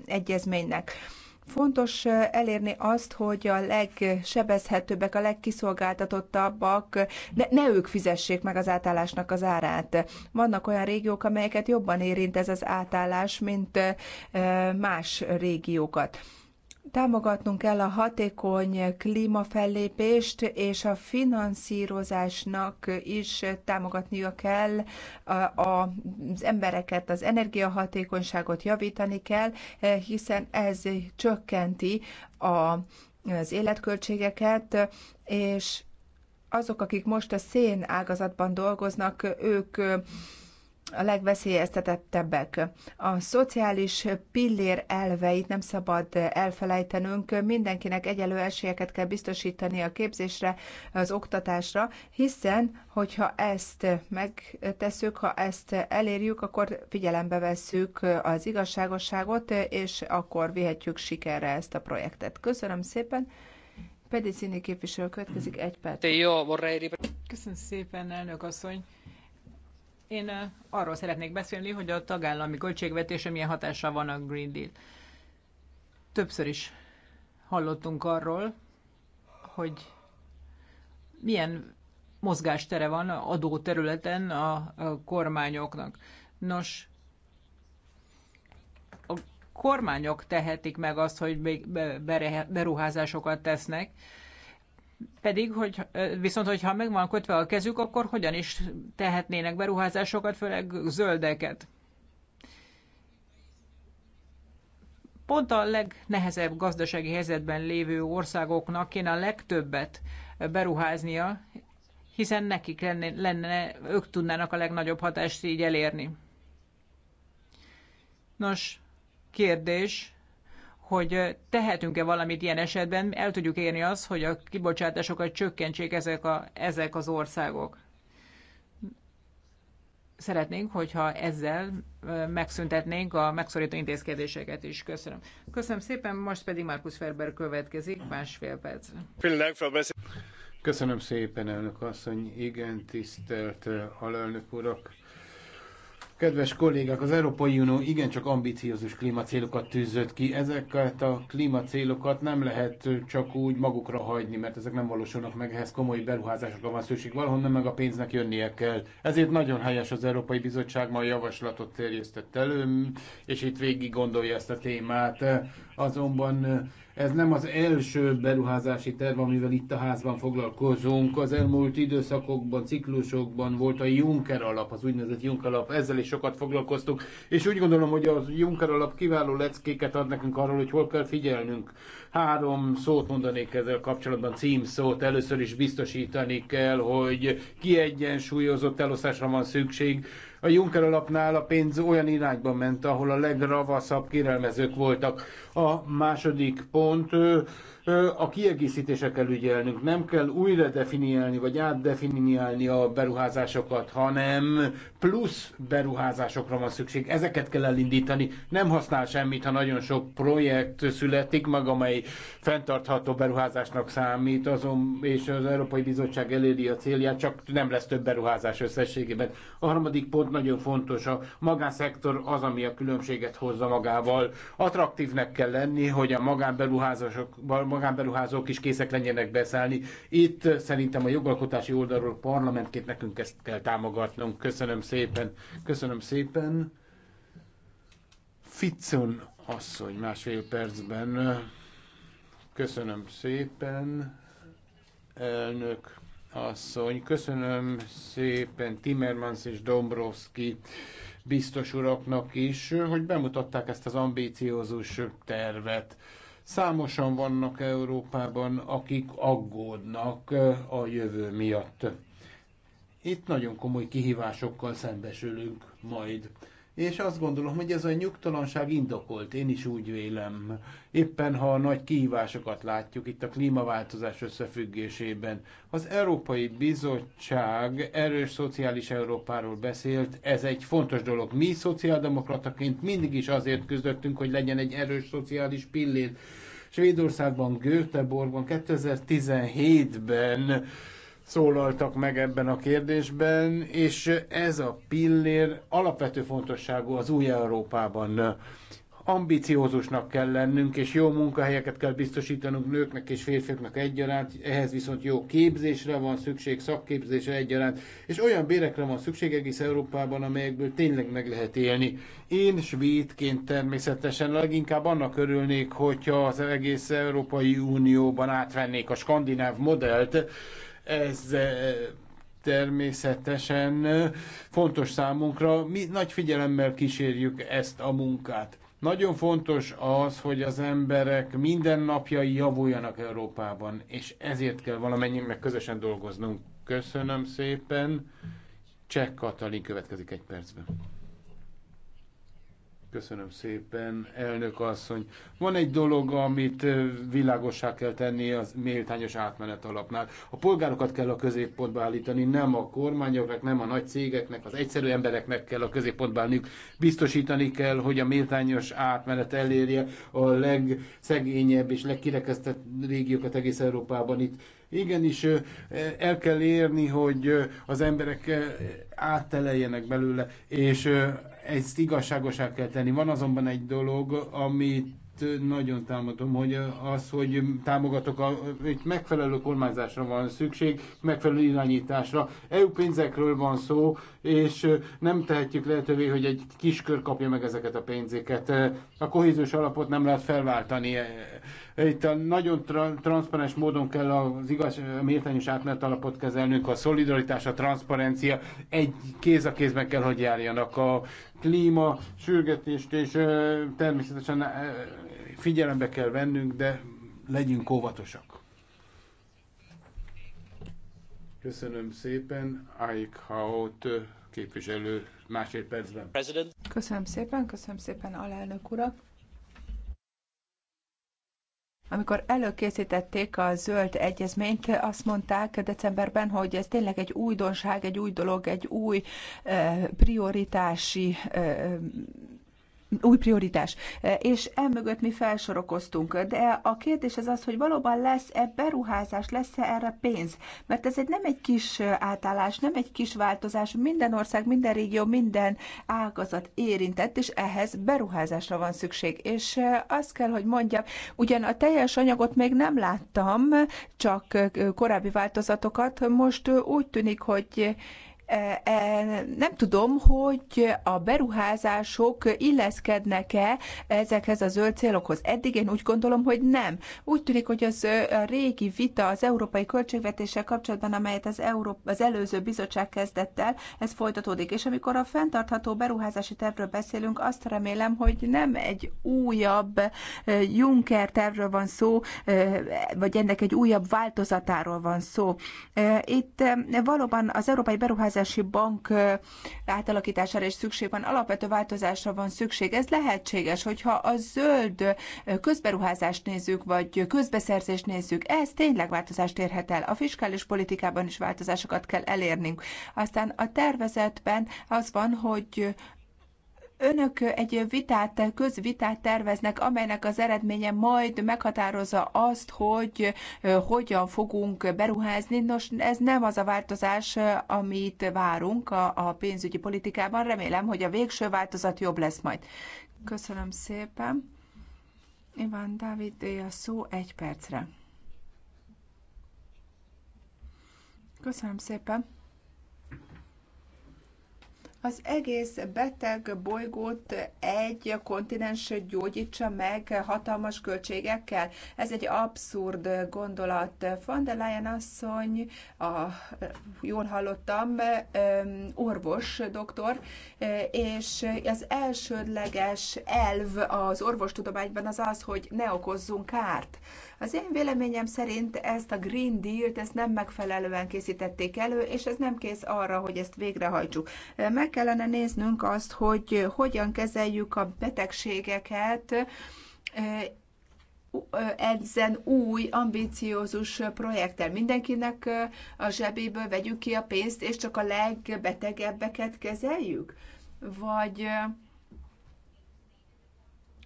egyezménynek. Fontos elérni azt, hogy a legsebezhetőbbek, a legkiszolgáltatottabbak ne, ne ők fizessék meg az átállásnak az árát. Vannak olyan régiók, amelyeket jobban érint ez az átállás, mint más régiókat. Támogatnunk kell a hatékony klímafellépést, és a finanszírozásnak is támogatnia kell az embereket, az energiahatékonyságot javítani kell, hiszen ez csökkenti a az életköltségeket, és azok, akik most a szén ágazatban dolgoznak, ők a legveszélyeztetettebbek. A szociális pillér elveit nem szabad elfelejtenünk, mindenkinek egyelő esélyeket kell biztosítani a képzésre, az oktatásra, hiszen, hogyha ezt megtesszük, ha ezt elérjük, akkor figyelembe vesszük az igazságosságot, és akkor vihetjük sikerre ezt a projektet. Köszönöm szépen! Pedig színi képviselő következik egy perc. Köszönöm szépen, elnök asszony! Én arról szeretnék beszélni, hogy a tagállami költségvetése milyen hatással van a Green Deal. Többször is hallottunk arról, hogy milyen mozgástere van adó területen a, a kormányoknak. Nos, a kormányok tehetik meg azt, hogy beruházásokat tesznek, pedig, hogy viszont, hogyha meg van kötve a kezük, akkor hogyan is tehetnének beruházásokat, főleg zöldeket. Pont a legnehezebb gazdasági helyzetben lévő országoknak kéne a legtöbbet beruháznia, hiszen nekik lenne, lenne ők tudnának a legnagyobb hatást így elérni. Nos, kérdés, hogy tehetünk-e valamit ilyen esetben, el tudjuk érni azt, hogy a kibocsátásokat csökkentsék ezek, a, ezek az országok. Szeretnénk, hogyha ezzel megszüntetnénk a megszorító intézkedéseket is. Köszönöm. Köszönöm szépen, most pedig Markus Ferber következik, másfél perc. Köszönöm szépen, elnök asszony. Igen, tisztelt alelnök urak Kedves kollégák, az Európai Unió igencsak ambiciózus klímacélokat tűzött ki. Ezeket a klímacélokat nem lehet csak úgy magukra hagyni, mert ezek nem valósulnak meg, ehhez komoly beruházásokra van szükség. Valahonnan meg a pénznek jönnie kell. Ezért nagyon helyes az Európai Bizottság ma a javaslatot terjesztett elő, és itt végig gondolja ezt a témát. Azonban ez nem az első beruházási terv, amivel itt a házban foglalkozunk. Az elmúlt időszakokban, ciklusokban volt a Juncker alap, az úgynevezett Juncker alap, ezzel is sokat foglalkoztunk, és úgy gondolom, hogy a Juncker alap kiváló leckéket ad nekünk arról, hogy hol kell figyelnünk. Három szót mondanék ezzel kapcsolatban, címszót. Először is biztosítani kell, hogy kiegyensúlyozott eloszásra van szükség, a Juncker alapnál a pénz olyan irányba ment, ahol a legravaszabb kérelmezők voltak. A második pont, a kiegészítése kell ügyelnünk. Nem kell újra definiálni, vagy átdefiniálni a beruházásokat, hanem plusz beruházásokra van szükség. Ezeket kell elindítani. Nem használ semmit, ha nagyon sok projekt születik meg, amely fenntartható beruházásnak számít, azon, és az Európai Bizottság eléri a célját, csak nem lesz több beruházás összességében. A harmadik pont nagyon fontos, a magánszektor az, ami a különbséget hozza magával. Attraktívnek kell kell lenni, hogy a magánberuházások, magánberuházók is készek legyenek beszállni. Itt szerintem a jogalkotási oldalról parlamentként nekünk ezt kell támogatnunk. Köszönöm szépen. Köszönöm szépen. Fitzon asszony másfél percben. Köszönöm szépen, elnök asszony. Köszönöm szépen Timmermans és Dombrovski biztos uraknak is, hogy bemutatták ezt az ambíciózus tervet. Számosan vannak Európában, akik aggódnak eh, a jövő miatt. Itt nagyon komoly kihívásokkal szembesülünk majd és azt gondolom, hogy ez a nyugtalanság indokolt, én is úgy vélem. Éppen ha a nagy kihívásokat látjuk itt a klímaváltozás összefüggésében, az Európai Bizottság erős szociális Európáról beszélt, ez egy fontos dolog. Mi szociáldemokrataként mindig is azért küzdöttünk, hogy legyen egy erős szociális pillér. Svédországban, Göteborgban 2017-ben szólaltak meg ebben a kérdésben, és ez a pillér alapvető fontosságú az új Európában. Ambiciózusnak kell lennünk, és jó munkahelyeket kell biztosítanunk nőknek és férfiaknak egyaránt, ehhez viszont jó képzésre van szükség, szakképzésre egyaránt, és olyan bérekre van szükség egész Európában, amelyekből tényleg meg lehet élni. Én svédként természetesen leginkább annak örülnék, hogyha az egész Európai Unióban átvennék a skandináv modellt, ez természetesen fontos számunkra. Mi nagy figyelemmel kísérjük ezt a munkát. Nagyon fontos az, hogy az emberek mindennapjai javuljanak Európában, és ezért kell meg közösen dolgoznunk. Köszönöm szépen. Csekk Katalin következik egy percben. Köszönöm szépen, elnök asszony. Van egy dolog, amit világossá kell tenni az méltányos átmenet alapnál. A polgárokat kell a középpontba állítani, nem a kormányoknak, nem a nagy cégeknek, az egyszerű embereknek kell a középpontba állni. Biztosítani kell, hogy a méltányos átmenet elérje a legszegényebb és legkirekesztett régiókat egész Európában itt igenis el kell érni, hogy az emberek átteleljenek belőle, és ezt igazságosá kell tenni. Van azonban egy dolog, amit nagyon támogatom, hogy az, hogy támogatok, a, hogy megfelelő kormányzásra van szükség, megfelelő irányításra. EU pénzekről van szó, és nem tehetjük lehetővé, hogy egy kiskör kapja meg ezeket a pénzeket. A kohéziós alapot nem lehet felváltani. Itt a nagyon tra- transzparens módon kell az igaz, méltányos átmenet alapot kezelnünk, a szolidaritás, a transzparencia egy kéz a kézben kell, hogy járjanak. A klíma sürgetést, és természetesen figyelembe kell vennünk, de legyünk óvatosak. Köszönöm szépen, Eichhaut képviselő másfél percben. Köszönöm szépen, köszönöm szépen alelnök urak. Amikor előkészítették a zöld egyezményt, azt mondták decemberben, hogy ez tényleg egy újdonság, egy új dolog, egy új eh, prioritási eh, új prioritás. E, és emögött mi felsorokoztunk. De a kérdés az az, hogy valóban lesz-e beruházás, lesz-e erre pénz? Mert ez egy nem egy kis átállás, nem egy kis változás. Minden ország, minden régió, minden ágazat érintett, és ehhez beruházásra van szükség. És e, azt kell, hogy mondjam, ugyan a teljes anyagot még nem láttam, csak e, korábbi változatokat. Most úgy tűnik, hogy E, nem tudom, hogy a beruházások illeszkednek-e ezekhez a zöld célokhoz. Eddig én úgy gondolom, hogy nem. Úgy tűnik, hogy az a régi vita az európai költségvetéssel kapcsolatban, amelyet az, Európa, az előző bizottság kezdett el, ez folytatódik. És amikor a fenntartható beruházási tervről beszélünk, azt remélem, hogy nem egy újabb Juncker tervről van szó, vagy ennek egy újabb változatáról van szó. Itt valóban az európai beruházás beruházási bank átalakítására is szükség van, alapvető változásra van szükség. Ez lehetséges, hogyha a zöld közberuházást nézzük, vagy közbeszerzést nézzük, ez tényleg változást érhet el. A fiskális politikában is változásokat kell elérnünk. Aztán a tervezetben az van, hogy Önök egy vitát, közvitát terveznek, amelynek az eredménye majd meghatározza azt, hogy hogyan fogunk beruházni. Nos, ez nem az a változás, amit várunk a, pénzügyi politikában. Remélem, hogy a végső változat jobb lesz majd. Köszönöm szépen. Iván Dávid, a szó egy percre. Köszönöm szépen az egész beteg bolygót egy kontinens gyógyítsa meg hatalmas költségekkel. Ez egy abszurd gondolat. Van der Leyen asszony, a, jól hallottam, orvos doktor, és az elsődleges elv az orvostudományban az az, hogy ne okozzunk kárt. Az én véleményem szerint ezt a Green Deal-t ezt nem megfelelően készítették elő, és ez nem kész arra, hogy ezt végrehajtsuk. Meg kellene néznünk azt, hogy hogyan kezeljük a betegségeket, ezen új, ambíciózus projekttel. Mindenkinek a zsebéből vegyük ki a pénzt, és csak a legbetegebbeket kezeljük? Vagy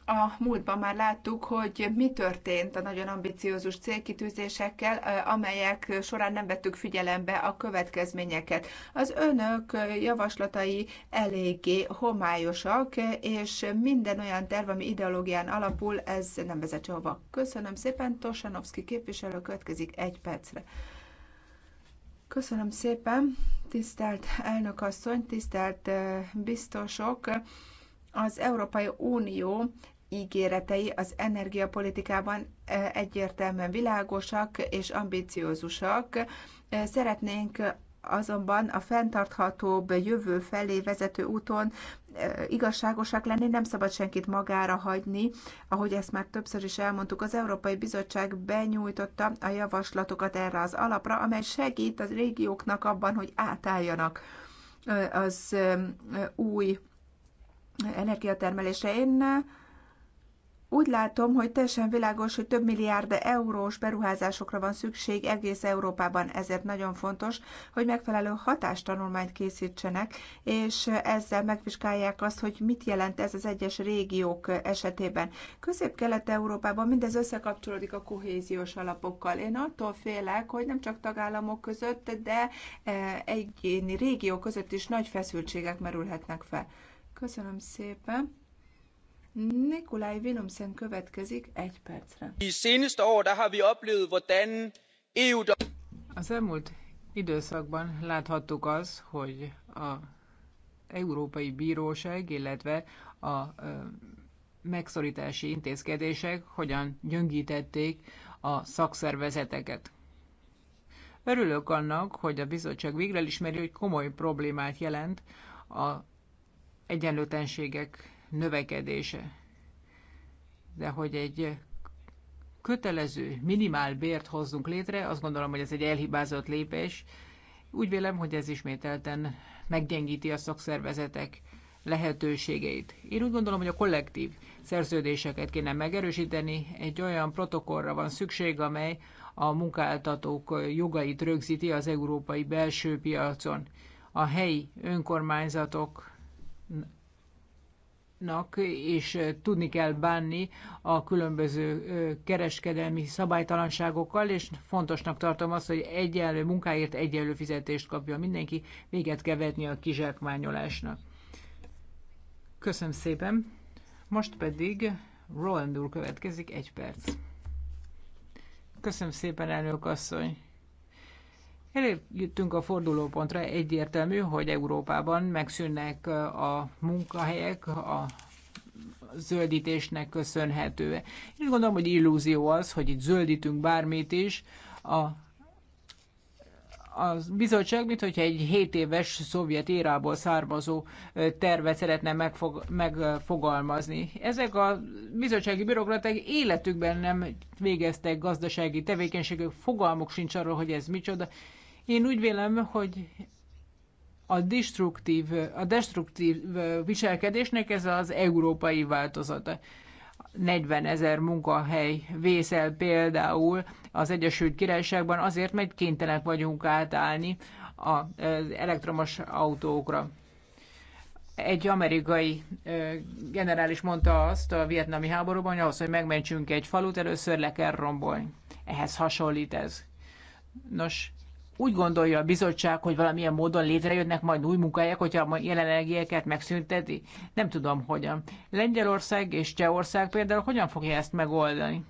a múltban már láttuk, hogy mi történt a nagyon ambiciózus célkitűzésekkel, amelyek során nem vettük figyelembe a következményeket. Az önök javaslatai eléggé homályosak, és minden olyan terv, ami ideológián alapul, ez nem vezet sehova. Köszönöm szépen, Tosanovszki képviselő következik egy percre. Köszönöm szépen, tisztelt elnökasszony, tisztelt biztosok! az Európai Unió ígéretei az energiapolitikában e, egyértelműen világosak és ambiciózusak. E, szeretnénk azonban a fenntarthatóbb jövő felé vezető úton e, igazságosak lenni, nem szabad senkit magára hagyni. Ahogy ezt már többször is elmondtuk, az Európai Bizottság benyújtotta a javaslatokat erre az alapra, amely segít az régióknak abban, hogy átálljanak az új energiatermelésre. Én úgy látom, hogy teljesen világos, hogy több milliárd eurós beruházásokra van szükség egész Európában, ezért nagyon fontos, hogy megfelelő hatástanulmányt készítsenek, és ezzel megvizsgálják azt, hogy mit jelent ez az egyes régiók esetében. Közép-Kelet-Európában mindez összekapcsolódik a kohéziós alapokkal. Én attól félek, hogy nem csak tagállamok között, de e, egyéni régiók között is nagy feszültségek merülhetnek fel. Köszönöm szépen! Nikolaj Willumsen következik egy percre. E az elmúlt időszakban láthattuk az, hogy a Európai Bíróság, illetve a megszorítási intézkedések hogyan gyöngítették a szakszervezeteket. Örülök annak, hogy a bizottság végre elismeri, hogy komoly problémát jelent a egyenlőtlenségek növekedése. De hogy egy kötelező bért hozzunk létre, azt gondolom, hogy ez egy elhibázott lépés. Úgy vélem, hogy ez ismételten meggyengíti a szakszervezetek lehetőségeit. Én úgy gondolom, hogy a kollektív szerződéseket kéne megerősíteni, egy olyan protokollra van szükség, amely a munkáltatók jogait rögzíti az európai belső piacon. A helyi önkormányzatok nak és tudni kell bánni a különböző kereskedelmi szabálytalanságokkal, és fontosnak tartom azt, hogy egyenlő munkáért egyenlő fizetést kapja mindenki, véget kell vetni a kizsákmányolásnak. Köszönöm szépen. Most pedig Roland úr következik, egy perc. Köszönöm szépen, elnök asszony. Elértünk a fordulópontra, egyértelmű, hogy Európában megszűnnek a munkahelyek, a zöldítésnek köszönhető. Én gondolom, hogy illúzió az, hogy itt zöldítünk bármit is. A, a bizottság, mint hogyha egy 7 éves szovjet érából származó tervet szeretne megfog, megfogalmazni. Ezek a bizottsági bürokraták életükben nem végeztek gazdasági tevékenységek, fogalmuk sincs arról, hogy ez micsoda, én úgy vélem, hogy a destruktív, a destruktív viselkedésnek ez az európai változata. 40 ezer munkahely vészel például az Egyesült Királyságban azért, mert kénytelenek vagyunk átállni az elektromos autókra. Egy amerikai generális mondta azt a vietnami háborúban, hogy ahhoz, hogy megmentsünk egy falut, először le kell rombolni. Ehhez hasonlít ez. Nos, úgy gondolja a bizottság, hogy valamilyen módon létrejönnek majd új munkahelyek, hogyha a jelenlegieket megszünteti? Nem tudom hogyan. Lengyelország és Csehország például hogyan fogja ezt megoldani?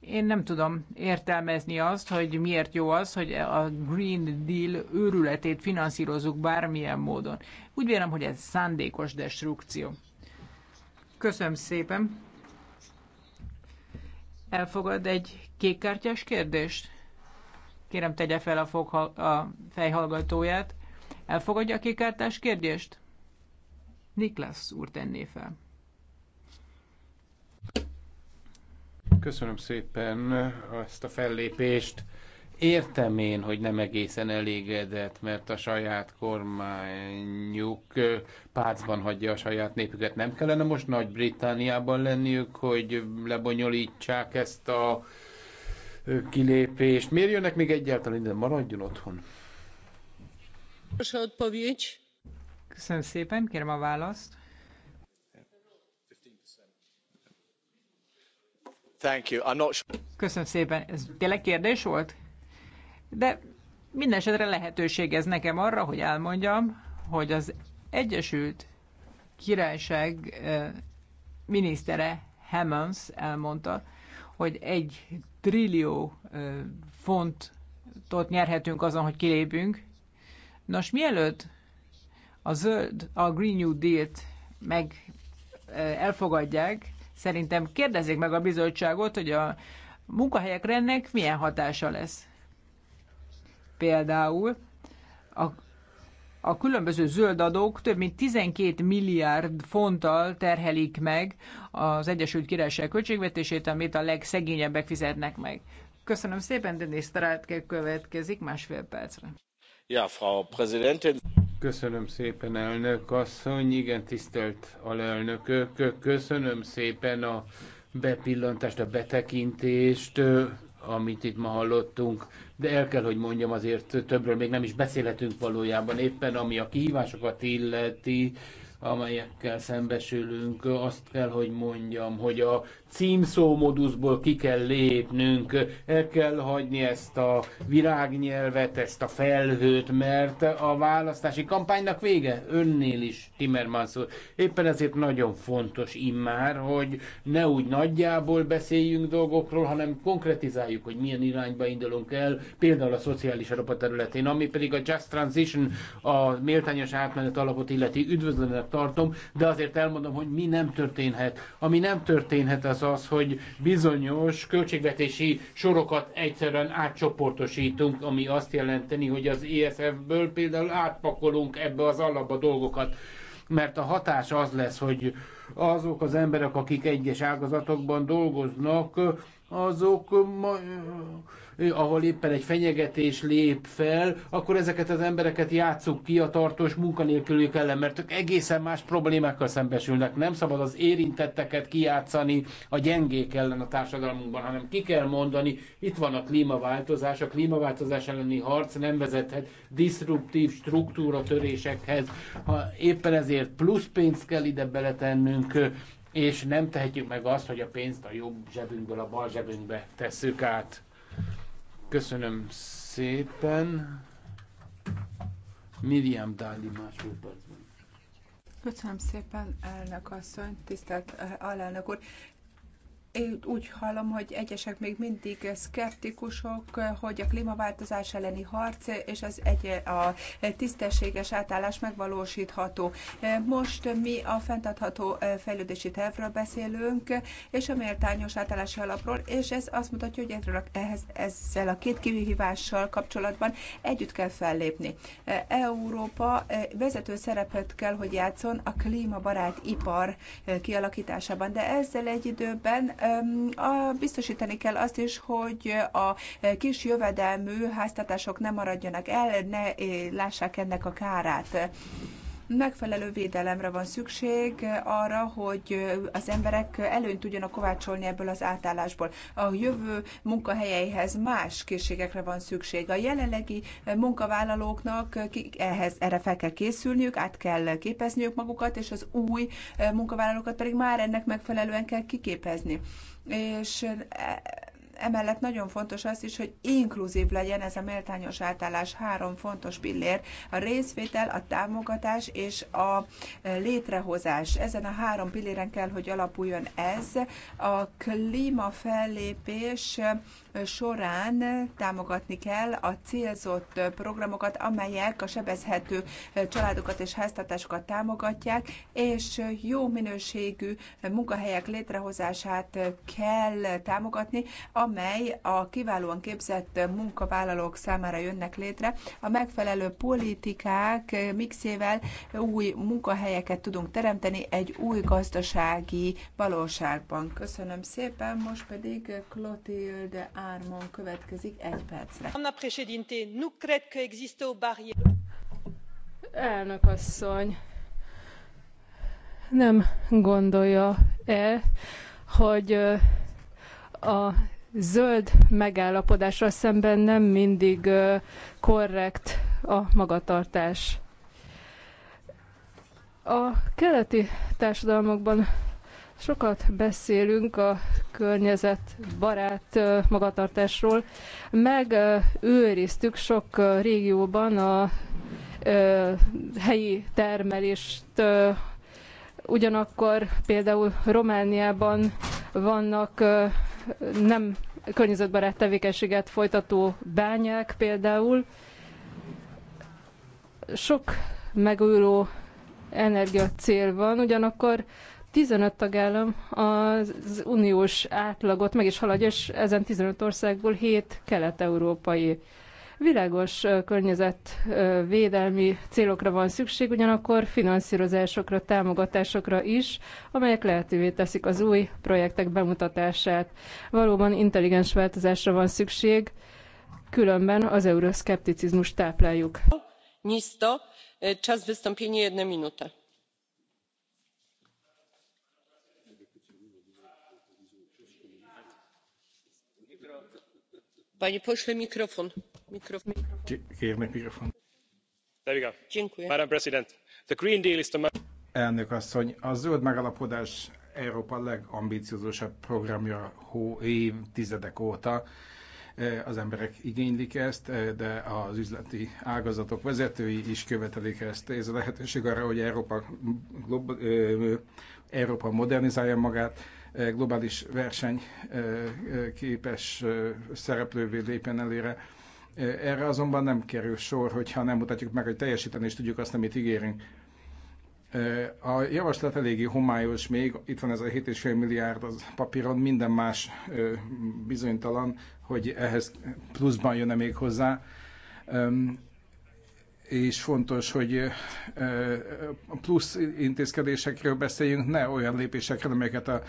Én nem tudom értelmezni azt, hogy miért jó az, hogy a Green Deal őrületét finanszírozzuk bármilyen módon. Úgy vélem, hogy ez szándékos destrukció. Köszönöm szépen. Elfogad egy kékkártyás kérdést? Kérem, tegye fel a, fog, a fejhallgatóját. Elfogadja a kikártás kérdést? Niklas úr tenné fel. Köszönöm szépen ezt a fellépést. Értem én, hogy nem egészen elégedett, mert a saját kormányuk pácban hagyja a saját népüket. Nem kellene most Nagy-Britániában lenniük, hogy lebonyolítsák ezt a kilépést. Miért jönnek még egyáltalán ide? Maradjon otthon. Köszönöm szépen, kérem a választ. Thank you. I'm not sure. Köszönöm szépen. Ez tényleg kérdés volt? De minden esetre lehetőség ez nekem arra, hogy elmondjam, hogy az Egyesült Királyság eh, minisztere Hammonds elmondta, hogy egy trillió fontot nyerhetünk azon, hogy kilépünk. Nos, mielőtt a zöld, a Green New Deal-t meg elfogadják, szerintem kérdezzék meg a bizottságot, hogy a munkahelyekre ennek milyen hatása lesz. Például a a különböző zöld adók több mint 12 milliárd fonttal terhelik meg az Egyesült Királyság költségvetését, amit a legszegényebbek fizetnek meg. Köszönöm szépen, Denis Strátke következik másfél percre. Ja, Frau Präsidentin. Köszönöm szépen, elnök asszony, igen, tisztelt alelnökök, köszönöm szépen a bepillantást, a betekintést, amit itt ma hallottunk de el kell, hogy mondjam azért többről még nem is beszélhetünk valójában éppen, ami a kihívásokat illeti, amelyekkel szembesülünk. Azt kell, hogy mondjam, hogy a címszó modusból ki kell lépnünk, el kell hagyni ezt a virágnyelvet, ezt a felhőt, mert a választási kampánynak vége önnél is, Timmermans úr. Éppen ezért nagyon fontos immár, hogy ne úgy nagyjából beszéljünk dolgokról, hanem konkretizáljuk, hogy milyen irányba indulunk el, például a szociális Európa területén, ami pedig a Just Transition, a méltányos átmenet alapot illeti üdvözlően fontosnak tartom, de azért elmondom, hogy mi nem történhet. Ami nem történhet az az, hogy bizonyos költségvetési sorokat egyszerűen átcsoportosítunk, ami azt jelenteni, hogy az ESF-ből például átpakolunk ebbe az alapba dolgokat mert a hatás az lesz, hogy azok az emberek, akik egyes ágazatokban dolgoznak, azok, eh, ahol éppen egy fenyegetés lép fel, akkor ezeket az embereket játsszuk ki a tartós munkanélkülők ellen, mert ők egészen más problémákkal szembesülnek. Nem szabad az érintetteket kijátszani a gyengék ellen a társadalmunkban, hanem ki kell mondani, itt van a klímaváltozás, a klímaváltozás elleni harc nem vezethet struktúra törésekhez. Ha éppen ezért plusz pénzt kell ide beletennünk, és nem tehetjük meg azt, hogy a pénzt a jobb zsebünkből a bal zsebünkbe tesszük át. Köszönöm szépen. Miriam Dáli másfél Köszönöm szépen, elnök asszony, tisztelt eh, alelnök úr. Én úgy hallom, hogy egyesek még mindig szkeptikusok, hogy a klímaváltozás elleni harc és az egy, a tisztességes átállás megvalósítható. Most mi a fenntartható eh, fejlődési tervről beszélünk, és a méltányos átállási alapról, és ez azt mutatja, hogy erről, ehhez, ezzel a két kihívással kapcsolatban együtt kell fellépni. Eh, Európa eh, vezető szerepet kell, hogy játszon a klímabarát ipar kialakításában, de ezzel egy időben a Biztosítani kell azt is, hogy a e, kis jövedelmű háztartások nem maradjanak el, ne lássák ennek a kárát. Megfelelő védelemre van szükség arra, hogy az emberek előnyt tudjanak kovácsolni ebből az átállásból. A jövő munkahelyeihez más készségekre van szükség. A jelenlegi munkavállalóknak ehhez, erre fel kell készülniük, át kell képezniük magukat, és az új munkavállalókat pedig már ennek megfelelően kell kiképezni. És emellett nagyon fontos az is, hogy inkluzív legyen ez a méltányos átállás három fontos pillér, a részvétel, a támogatás és a e, létrehozás. Ezen a három pilléren kell, hogy alapuljon ez. A klímafellépés során támogatni kell a célzott programokat, amelyek a sebezhető családokat és háztartásokat támogatják, és jó minőségű munkahelyek létrehozását kell támogatni, amely a kiválóan képzett munkavállalók számára jönnek létre. A megfelelő politikák mixével új munkahelyeket tudunk teremteni egy új gazdasági valóságban. Köszönöm szépen, most pedig Clotilde Ármon következik egy percre. Anna președinte, nu cred că există o barieră. Elnök asszony, nem gondolja-e, hogy a zöld megállapodásra szemben nem mindig korrekt a magatartás. A keleti társadalmakban Sokat beszélünk a környezetbarát magatartásról. Megőriztük sok régióban a helyi termelést. Ugyanakkor például Romániában vannak nem környezetbarát tevékenységet folytató bányák például. Sok megújuló energia cél van, ugyanakkor 15 tagállam az uniós átlagot meg is haladja, és ezen 15 országból 7 kelet-európai. Világos környezetvédelmi célokra van szükség, ugyanakkor finanszírozásokra, támogatásokra is, amelyek lehetővé teszik az új projektek bemutatását. Valóban intelligens változásra van szükség, különben az euroszkepticizmus tápláljuk. Nisto, czas wystąpienia jedna minuta elnök asszony a zöld megállapodás európa legambiciózusabb programja évtizedek óta. E, az emberek igénylik ezt, e, de az üzleti ágazatok vezetői is követelik ezt. Ez a lehetőség arra, hogy Európa, e, Európa modernizálja magát, Eh, globális versenyképes eh, eh, szereplővé lépjen elére. Erre azonban nem kerül sor, hogyha nem mutatjuk meg, hogy teljesíteni is tudjuk azt, amit ígérünk. A javaslat eléggé homályos még, itt van ez a 7,5 milliárd az papíron, minden más bizonytalan, hogy ehhez pluszban jönne még hozzá és fontos, hogy plusz intézkedésekről beszéljünk, ne olyan lépésekről, amelyeket a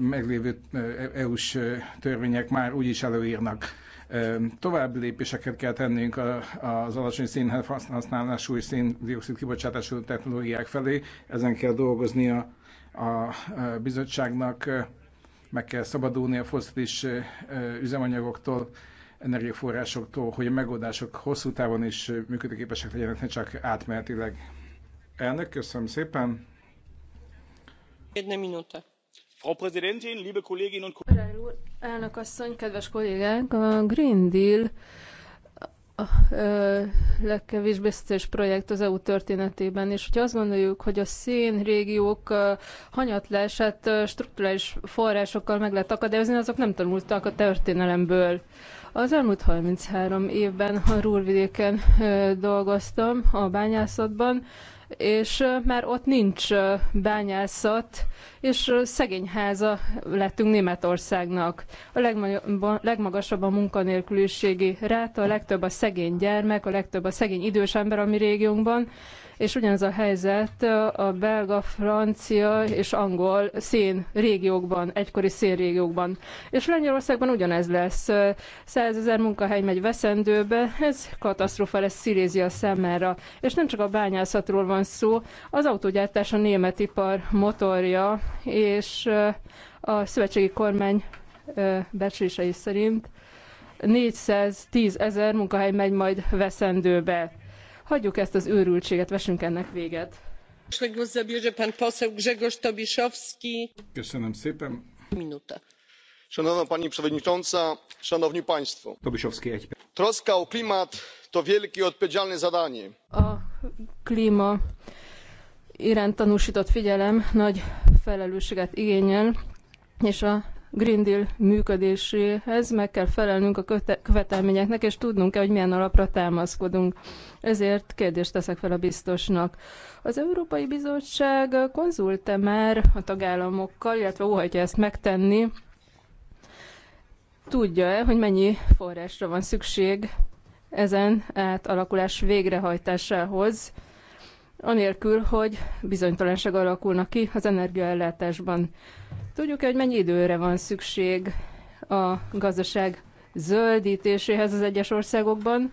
meglévő EU-s törvények már úgyis előírnak. További lépéseket kell tennünk az alacsony színhasználású és széndiokszid kibocsátású technológiák felé. Ezen kell dolgozni a, a bizottságnak, meg kell szabadulni a foszilis üzemanyagoktól, energiaforrásoktól, hogy a megoldások hosszú távon is működőképesek legyenek, ne csak átmenetileg. Elnök, köszönöm szépen. Egy minuta. Frau Präsidentin, liebe Kolleginnen und Kollegen. Elnök asszony, kedves kollégák, a Green Deal a legkevésbé biztos projekt az EU történetében, és hogyha azt gondoljuk, hogy a szén régiók hanyatlását strukturális forrásokkal meg lehet akadályozni, azok nem tanultak a történelemből. Az elmúlt 33 évben a Rúrvidéken dolgoztam a bányászatban, és már ott nincs bányászat, és szegény háza lettünk Németországnak. A legmagasabb a munkanélküliségi ráta, a legtöbb a szegény gyermek, a legtöbb a szegény idős ember a mi régiónkban, és ugyanez a helyzet a belga, francia és angol szén régiókban, egykori régiókban. És Lengyelországban ugyanez lesz. 100 ezer munkahely megy veszendőbe, ez katasztrófa lesz Szilézia szemmelre. És nem csak a bányászatról van szó, az autógyártás a német ipar motorja, és eh, a szövetségi kormány eh, becslései szerint 410 ezer munkahely megy majd veszendőbe. Hagyjuk ezt az őrültséget, vessünk ennek véget. Köszönöm szépen. Minuta. Szanowna pani przewodnicząca, szanowni państwo. Tobiszowski egy. Troska o klimat to wielkie odpowiedzialne zadanie. A klíma iránt tanúsított figyelem nagy felelősséget igényel, és a Green Deal működéséhez meg kell felelnünk a követelményeknek, és tudnunk kell, hogy milyen alapra támaszkodunk. Ezért kérdést teszek fel a biztosnak. Az Európai Bizottság konzult-e már a tagállamokkal, illetve óhajtja ezt megtenni, tudja-e, hogy mennyi forrásra van szükség ezen átalakulás végrehajtásához, anélkül, hogy bizonytalanság alakulna ki az energiaellátásban. Tudjuk-e, hogy mennyi időre van szükség a gazdaság zöldítéséhez az egyes országokban,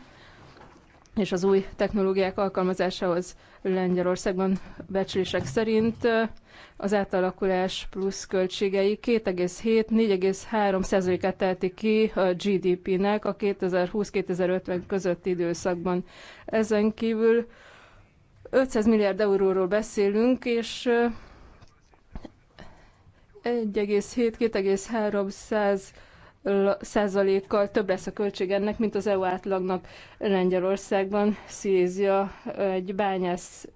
és az új technológiák alkalmazásához Lengyelországban becslések szerint az átalakulás plusz költségei 2,7-4,3%-át telti ki a GDP-nek a 2020-2050 közötti időszakban. Ezen kívül 500 milliárd euróról beszélünk, és 1,7-2,3 százalékkal több lesz a költség ennek, mint az EU átlagnak Lengyelországban. Szilézia egy bányász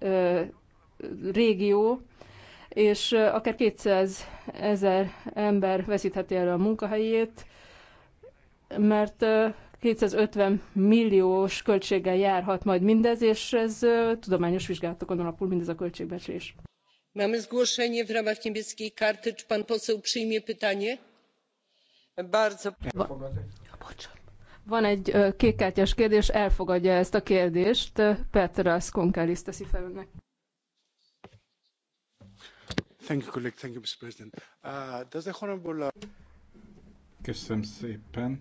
régió, és akár 200 ezer ember veszítheti el a munkahelyét, mert 250 milliós költséggel járhat majd mindez, és ez tudományos vizsgálatokon alapul mindez a költségbecsés. Mamy zgłoszenie w ramach niebieskiej karty. Czy pan poseł przyjmie pytanie? Bardzo. Van, van egy kékkártyás kérdés, elfogadja ezt a kérdést. Petr Skonkelis teszi fel önnek. Thank you, colleague. Thank you, Mr. President. Uh, does the honorable... Köszönöm szépen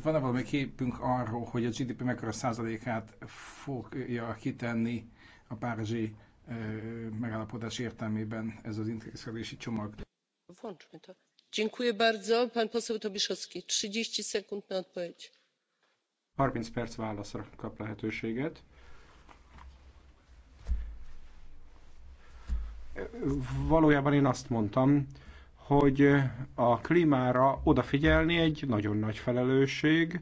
van-e valami képünk arról, hogy a GDP mekkora százalékát fogja kitenni a párizsi megállapodás értelmében ez az intézkedési csomag? Harminc 30 perc válaszra kap lehetőséget. Valójában én azt mondtam, hogy a klímára odafigyelni egy nagyon nagy felelősség,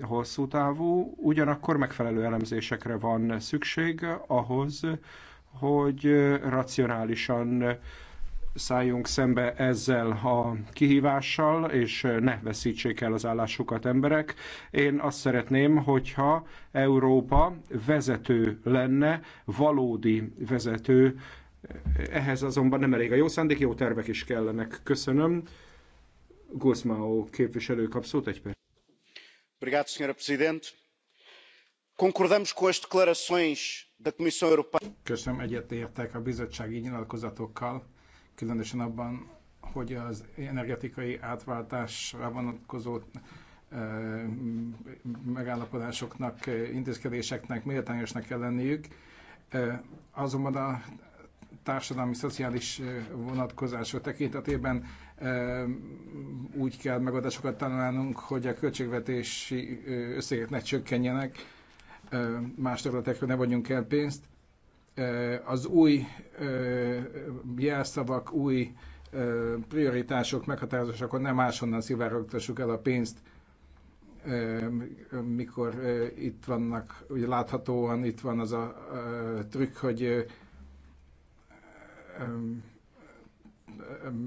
hosszú távú, ugyanakkor megfelelő elemzésekre van szükség ahhoz, hogy racionálisan szálljunk szembe ezzel a kihívással, és ne veszítsék el az állásukat emberek. Én azt szeretném, hogyha Európa vezető lenne, valódi vezető ehhez azonban nem elég a jó szándék, jó tervek is kellenek. Köszönöm. Gózmáó képviselő kap szót egy perc. Obrigado, Sra. Presidente. Concordamos com as declarações da Comissão Europeia. Köszönöm, egyetértek a bizottsági nyilatkozatokkal, különösen abban, hogy az energetikai átváltásra vonatkozó eh, megállapodásoknak, eh, intézkedéseknek méltányosnak kell lenniük. Eh, azonban a társadalmi-szociális vonatkozások tekintetében úgy kell megoldásokat találnunk, hogy a költségvetési összegek ne csökkenjenek, más területekre ne vagyunk el pénzt. Az új jelszavak, új prioritások meghatározásakor nem máshonnan szivárogtassuk el a pénzt, mikor itt vannak, ugye láthatóan itt van az a trükk, hogy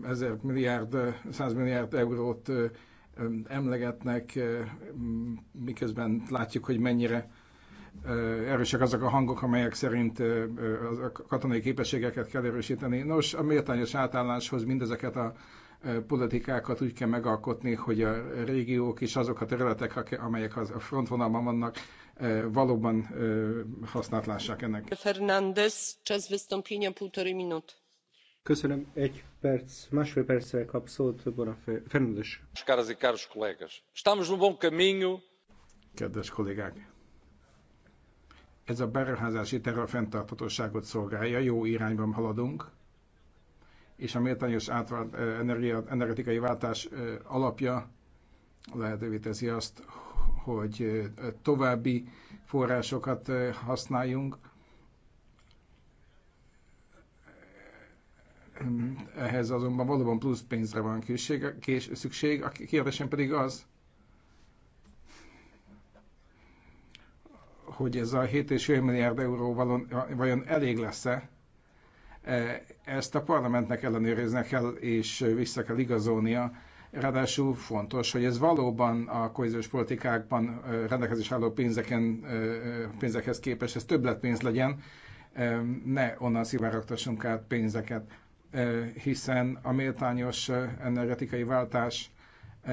ezer milliárd, 100 milliárd eurót emlegetnek, miközben látjuk, hogy mennyire erősek azok a hangok, amelyek szerint a katonai képességeket kell erősíteni. Nos, a méltányos átálláshoz mindezeket a politikákat úgy kell megalkotni, hogy a régiók és azok a területek, amelyek a frontvonalban vannak, valóban hasznát lássák ennek. Fernández, czas wystąpienia półtorej minut. Köszönöm, egy perc, másfél percre kap szót, Bona Fernandes. Caras e caros colegas, estamos no bom caminho. Kedves kollégák, ez a beruházási terv a fenntarthatóságot szolgálja, jó irányban haladunk, és a méltányos energetikai váltás alapja lehetővé teszi azt, hogy további forrásokat használjunk. Ehhez azonban valóban plusz pénzre van szükség. A kérdésem pedig az, hogy ez a 7,5 milliárd euró vajon elég lesz-e, ezt a parlamentnek ellenőriznek kell, és vissza kell igazolnia Ráadásul fontos, hogy ez valóban a kohéziós politikákban rendelkezés álló pénzeken, pénzekhez képest, ez többletpénz legyen, ne onnan szivárogtassunk át pénzeket, hiszen a méltányos energetikai váltás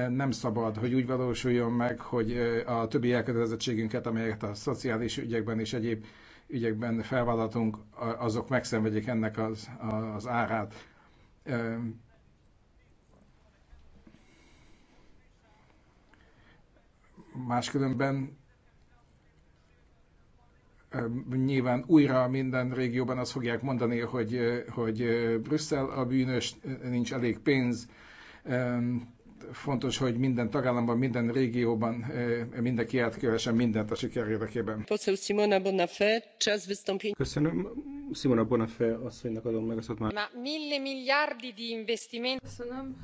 nem szabad, hogy úgy valósuljon meg, hogy a többi elkötelezettségünket, amelyeket a szociális ügyekben és egyéb ügyekben felvállalatunk, azok megszenvedjék ennek az, az árát Máskülönben nyilván újra minden régióban azt fogják mondani, hogy, hogy Brüsszel a bűnös, nincs elég pénz, fontos, hogy minden tagállamban, minden régióban mindenki átkövessen mindent a siker érdekében. Köszönöm. Simona Bonafé asszonynak adom meg a szót már. Ma mille miliardi di investiment. Köszönöm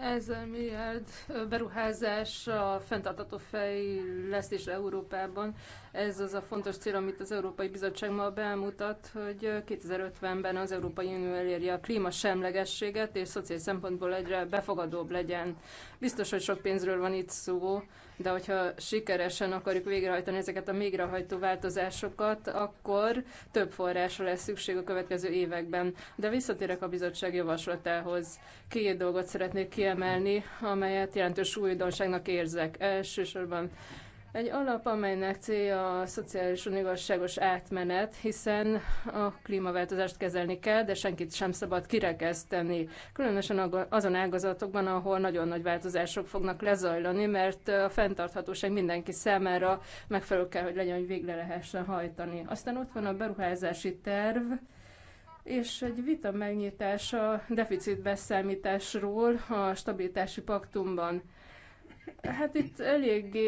ez a milliárd beruházás a fenntartató fejlesztés Európában. Ez az a fontos cél, amit az Európai Bizottság ma bemutat, hogy 2050-ben az Európai Unió elérje a klímasemlegességet, és szociális szempontból egyre befogadóbb legyen. Biztos, hogy sok pénzről van itt szó, de hogyha sikeresen akarjuk végrehajtani ezeket a mégrehajtó változásokat, akkor több forrásra lesz szükség a következő években. De visszatérek a bizottság javaslatához. Két dolgot szeretnék kiemelni, amelyet jelentős újdonságnak érzek. Elsősorban egy alap, amelynek célja a szociális igazságos átmenet, hiszen a klímaváltozást kezelni kell, de senkit sem szabad kirekeszteni. Különösen azon ágazatokban, ahol nagyon nagy változások fognak lezajlani, mert a fenntarthatóság mindenki számára megfelelő kell, hogy legyen, hogy végre lehessen hajtani. Aztán ott van a beruházási terv, és egy vita megnyitása a deficitbeszámításról a stabilitási paktumban. Hát itt eléggé